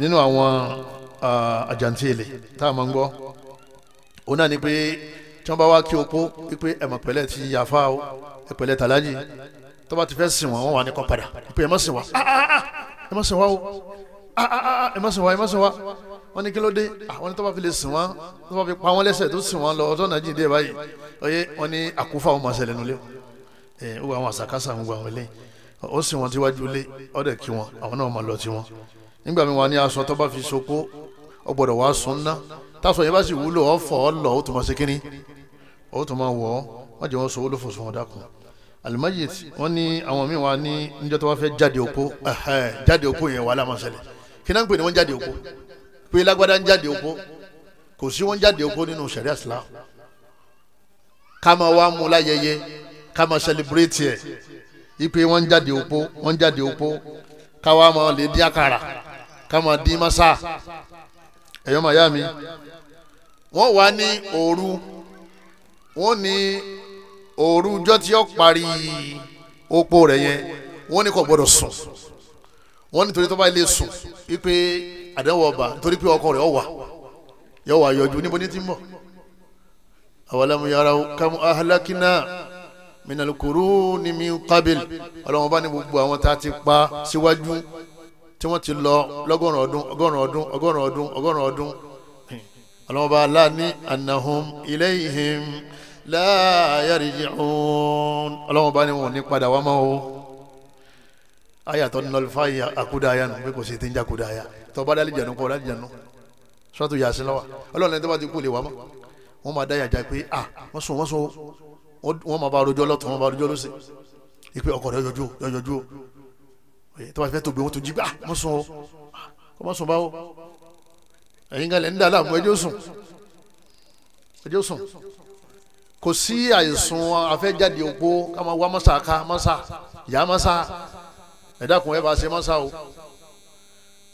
nínú àwọn àjàntí èlé tá a máa ń gbọ́ òun náà ni pé tí wọ́n bá wá kí opó wípé ẹ̀mọ̀ pẹ̀lẹ́ ti yàfa o ẹ̀pẹ̀lẹ́ tàlájì tó bá ti fẹ́ sìn wọ́n wọ́n wà ní kan padà wípé ẹ̀mọ̀ sìn wá ah, ah, ah, ẹ̀mọ̀ sìn wá o ẹ̀mọ̀ sìn wá ẹ̀mọ̀ sìn wá wọ́n ní kí ló dé àwọn tó bá fi lè sìn wọ́n tó bá fi pa wọ́n lẹ́sẹ̀ tó sìn wọ́n lọ ọjọ́ náà jìndé báyìí ọyẹ wọ́n ní àkúfà wọn máa ṣẹlẹ̀ nulẹ̀ ẹ̀ ó àwọn àṣàkáṣà ń gba àwọn ilé ó sìn wọn tíwájú ilé ọ̀dẹ̀ kí wọn àwọn náà máa lọ tiwọn nígbà mi wà ní aṣọ tó fi ṣokó ọ gbọ́dọ̀ wá sùn ná táṣọ yẹn bá sì wúlò ọ fọ ọ lọ ó tún máa ṣe kínní ó tún máa wọ wọn jẹ wọn sọ olófò sọmọ dákun alimajid wọn ní àwọn míín wa ní níjọ tó bá fẹ́ jáde òpó jáde òpó yẹn wàhálà máa ṣẹlẹ̀ kí náà ń pè ní wọn jáde òpó pé lágbádá ń jáde òpó kò sí wọn jáde òpó nínú sẹ̀ríà Islam ká máa wá mú láyẹyẹ ká máa sẹlẹbírẹ́tì ẹ̀ ipe wọn jáde òpó wọn jáde òpó ká wá máa lè dín àkàrà ká máa dín masa ẹ̀yọ́ màyá mi wọ́n wà ní òru wọ́n ní òru ọjọ́ tí ó parí opó rẹ̀ yẹn wọ́n ní kò gbọ́dọ̀ sùn wọ́n ní torí tó bá lè sùn wípé àdánwò ọba torí pé ọkọ rẹ̀ ọ̀wà yóò wà yọjú níbo ní ti mọ̀ awalam yaraw kam ahlakina minal kuruni min qabil ọlọ́wọ́n bá ní gbogbo àwọn tá a ti pa síwájú tí wọ́n ti lọ lọ́gọ́rùn ọdún ọgọ́rùn ọdún ọgọ́rùn ọdún ọgọ́rùn ọdún ọlọ́mọba aláàní anahum ilayhim la yarji'un ọlọ́mọba ni wọn ò ní padà wá mọ́ o ayatollah nọlifá akudaya nù pé kò sí ti ń jẹ akudaya tọba dálí jẹnu kọ dálí jẹnu sọ́tù yàtí lọ́wọ́ ọlọ́run tó bá ti kú lè wá mọ́ wọ́n máa dáyà já pé à ah, wọ́n sùn wọ́n sùn wọ́n máa bá rojọ́ lọ́tún wọ́n máa rojọ́ lọ́sẹ̀ ìpè ọkọ̀ rẹ̀ yọjú yọjú tó bá ti fẹ́ tó gbé wọn tó jí gbà ah, mọ́ sùn o ah, kó mọ́ sùn báwo ẹ̀yin kan lẹ̀ ń dà láàmú ẹjọ́ sùn ẹjọ́ sùn kò sí àìsùn afẹ́jáde òpó ká máa wá mọ́sà ká mọ́sà ìyá mọ́sà ẹ̀dàkùn ẹ̀ bá ṣe mọ́sà o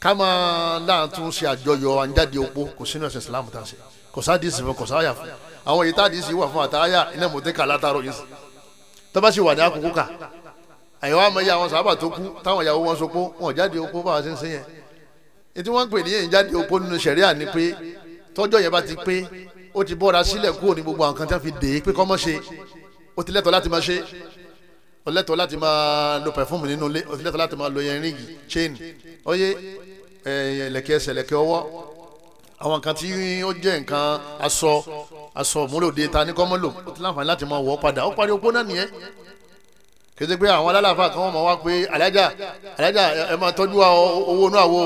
ká máa láàtún ṣe àjọyọ̀ àǹjáde òpó kò sínú ẹ̀sìn Islam tá a ṣe kò sáàdìsì fún kò sáàyà fún àwọn èyí táàdìsì wà fún àtàyà iná mọ̀tẹ́kà látàrọ̀ yìí tó bá sì wà ní àkókò kà àyìn wa mọyì àwọn sábà tó kú táwọn ìyàwó wọn sopó wọn jáde opó báwa ṣe ń ṣe yẹn ètí wọn ń pè níyẹn jáde opó nínú sẹríà ni pé tọ́jọ́ yẹn bá ti pé ó ti bọ́ra sílẹ̀ kúrò ní gbogbo nǹkan tí wọ́n fi dè é pé kọ́ mọ́ ṣe ó ti lẹ́tọ̀ọ́ láti máa ṣe ó lẹ́tọ̀ọ́ láti máa lo pẹ̀fúmù nínú ilé ó ti lẹ́tọ̀ọ́ láti máa lo yẹn ríngì chain ọyẹ eh, ẹ̀lẹ̀kẹ̀ ẹsẹ̀ ẹ̀lẹ̀kẹ̀ ọwọ́ àwọn nǹkan tí ó jẹ́ nǹkan aṣọ aṣọ òmúlòdè ta ní kọ́mọ́lò ó ti láǹfààní láti máa wọ̀ padà ó parí opó náà nìyẹn kété pé àwọn alálàáfà kan mọ̀ wá pé alájà alájà ẹ máa tọ́jú owó inú àwo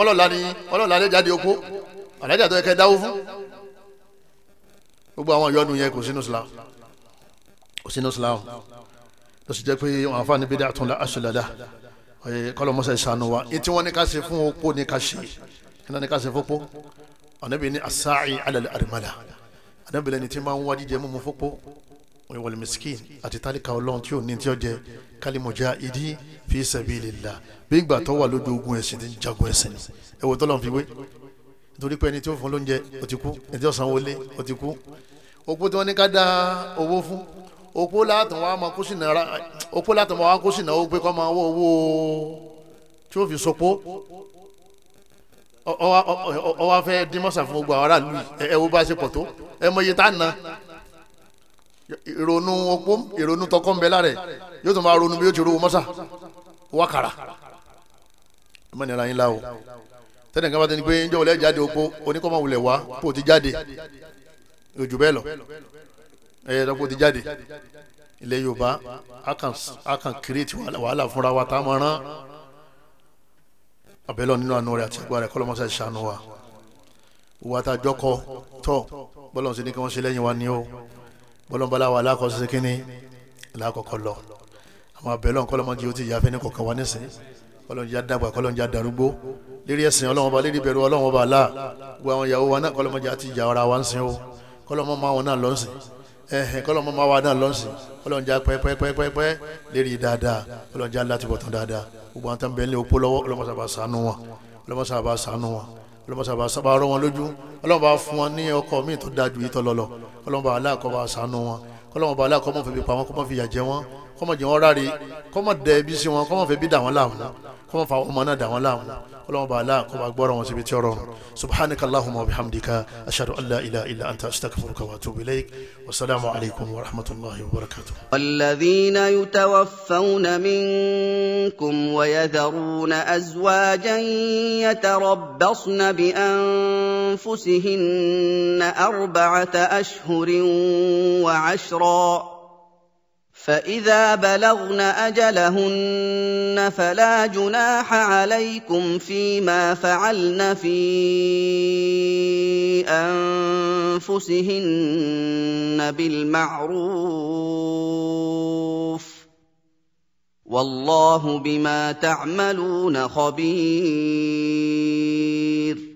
ọlọ́ọ̀la ni ọlọ́ọ̀la lè jáde oko alájà tó yẹ kẹ́ dáwó fún gbogbo àwọn ìyọnu yẹn kò sínú Islam kò sínú Islam ló sì jẹ́ pé àwọn afáàní bíi dàtún aṣọlẹ́dà kọ́lọ́mọṣẹ́ ìṣàánú wa etí wọn ní ká ṣe fún opó ní ká ṣe iná ní ká ṣe fọ́pọ́ Ànábì asáì alẹ́ àrìmọ́là Ànábì lẹ́ni tí máa ń wá jíjẹ mú mu fọ́pọ́ wal miskin àti tálíkà ọlọ́run tí ò ní tí ó jẹ kalimujahidi fi sabilillah bí ìgbà tó wà lójú ogun ẹ̀sìn tí ń jagun ẹ̀sìn ni ẹ wò tọ́lọ́run fi wé nítorí pé ẹni tí ó fún lóúnjẹ ó ti kú ẹni tí ó san wọlé ó ti kú opó tí wọ́n ní ká da owó fún opó látàn wá máa kó sínà ra opó látàn wá kó sínà ó pé kó máa wọ owó tí ó fi sopó ọ wá fẹ́ dín mọ́sà fún gbogbo àwọn aráàlú ẹ wo bá ṣe pọ̀ tó ẹ mọ iye tá a ná ìrònú opó ìrònú tọkọ ń bẹ lára ẹ yóò tún máa ronú bí yóò ti rówó mọ́sà wákàrà ẹ mọ̀nìyàn láyín láwo tẹ́lẹ̀ nǹkan bá ti ní pé ń jọ́ wọlé jáde opó oníkọ́mọ̀ wulẹ̀ wá pò ti jáde ojú bẹ́ẹ̀ lọ ẹ̀yẹ tó pò ti jáde ilẹ̀ Yorùbá a kàn kírètì wàhálà fúnra wa tá a máa rán abẹ́lọ́ nínú àánú rẹ̀ àti ìgbà rẹ̀ kọ́lọ́mọ́sá ṣàánú wa wàtàjọkọ tọ́ bọ́lá bọ́lọ́mbọ́lá wa alákọ̀ọ́sọ sí kínní lákọ̀ọ́kọ́ lọ àwọn abẹ́lẹ́ ọ̀hún kọ́lọ́mọ́jì ó ti yà fẹ́ ní kọ̀ọ̀kan wa nísìn kọ́lọ́njá dàgbà kọ́lọ́njá darúgbó lérí ẹ̀sìn ọlọ́wọ́n ba lérí bẹ̀rù ọlọ́wọ́n ba là gbogbo àwọn ìyàwó wa náà kọ́lọ́mọ́jì àti ìyà ara wa ń sin o kọ́lọ́mọ́ máa wọn náà lọ́sìn ẹ̀hìn kọ́lọ́mọ́ máa wa náà lọ́sìn kọ́lọ́njá pẹ́pẹ́pẹ́pẹ́ lérí dáadáa kọ́lọ́njá láti bọ̀tán dáadáa gbogbo àwọn tó ń bẹ ní ọlọ́mọsàbà sábà rọ wọn lójú ọlọ́mọba fún wọn ní ọkọ míì tó dáa ju yìí tọ́lọ́lọ́ ọlọ́mọba aláàkọ́ba ṣàánú wọn ọlọ́mọba aláàkọ́ mọ̀ fẹ́ bí pa wọn kọ́ mọ̀ fi yà jẹ wọn kọ́ mọ̀ jẹ wọn ráre kọ́ mọ̀ dẹ ibi sí wọn kọ́ mọ̀ fẹ́ bí dà wọn láàmú كما فاو مانا دا ولام ولام بالا كما اكبر وان سبي سبحانك اللهم وبحمدك اشهد ان لا اله الا انت استغفرك واتوب اليك والسلام عليكم ورحمه الله وبركاته الذين يتوفون منكم ويذرون ازواجا يتربصن بانفسهن اربعه اشهر وعشرا فاذا بلغن اجلهن فلا جناح عليكم فيما فعلن في انفسهن بالمعروف والله بما تعملون خبير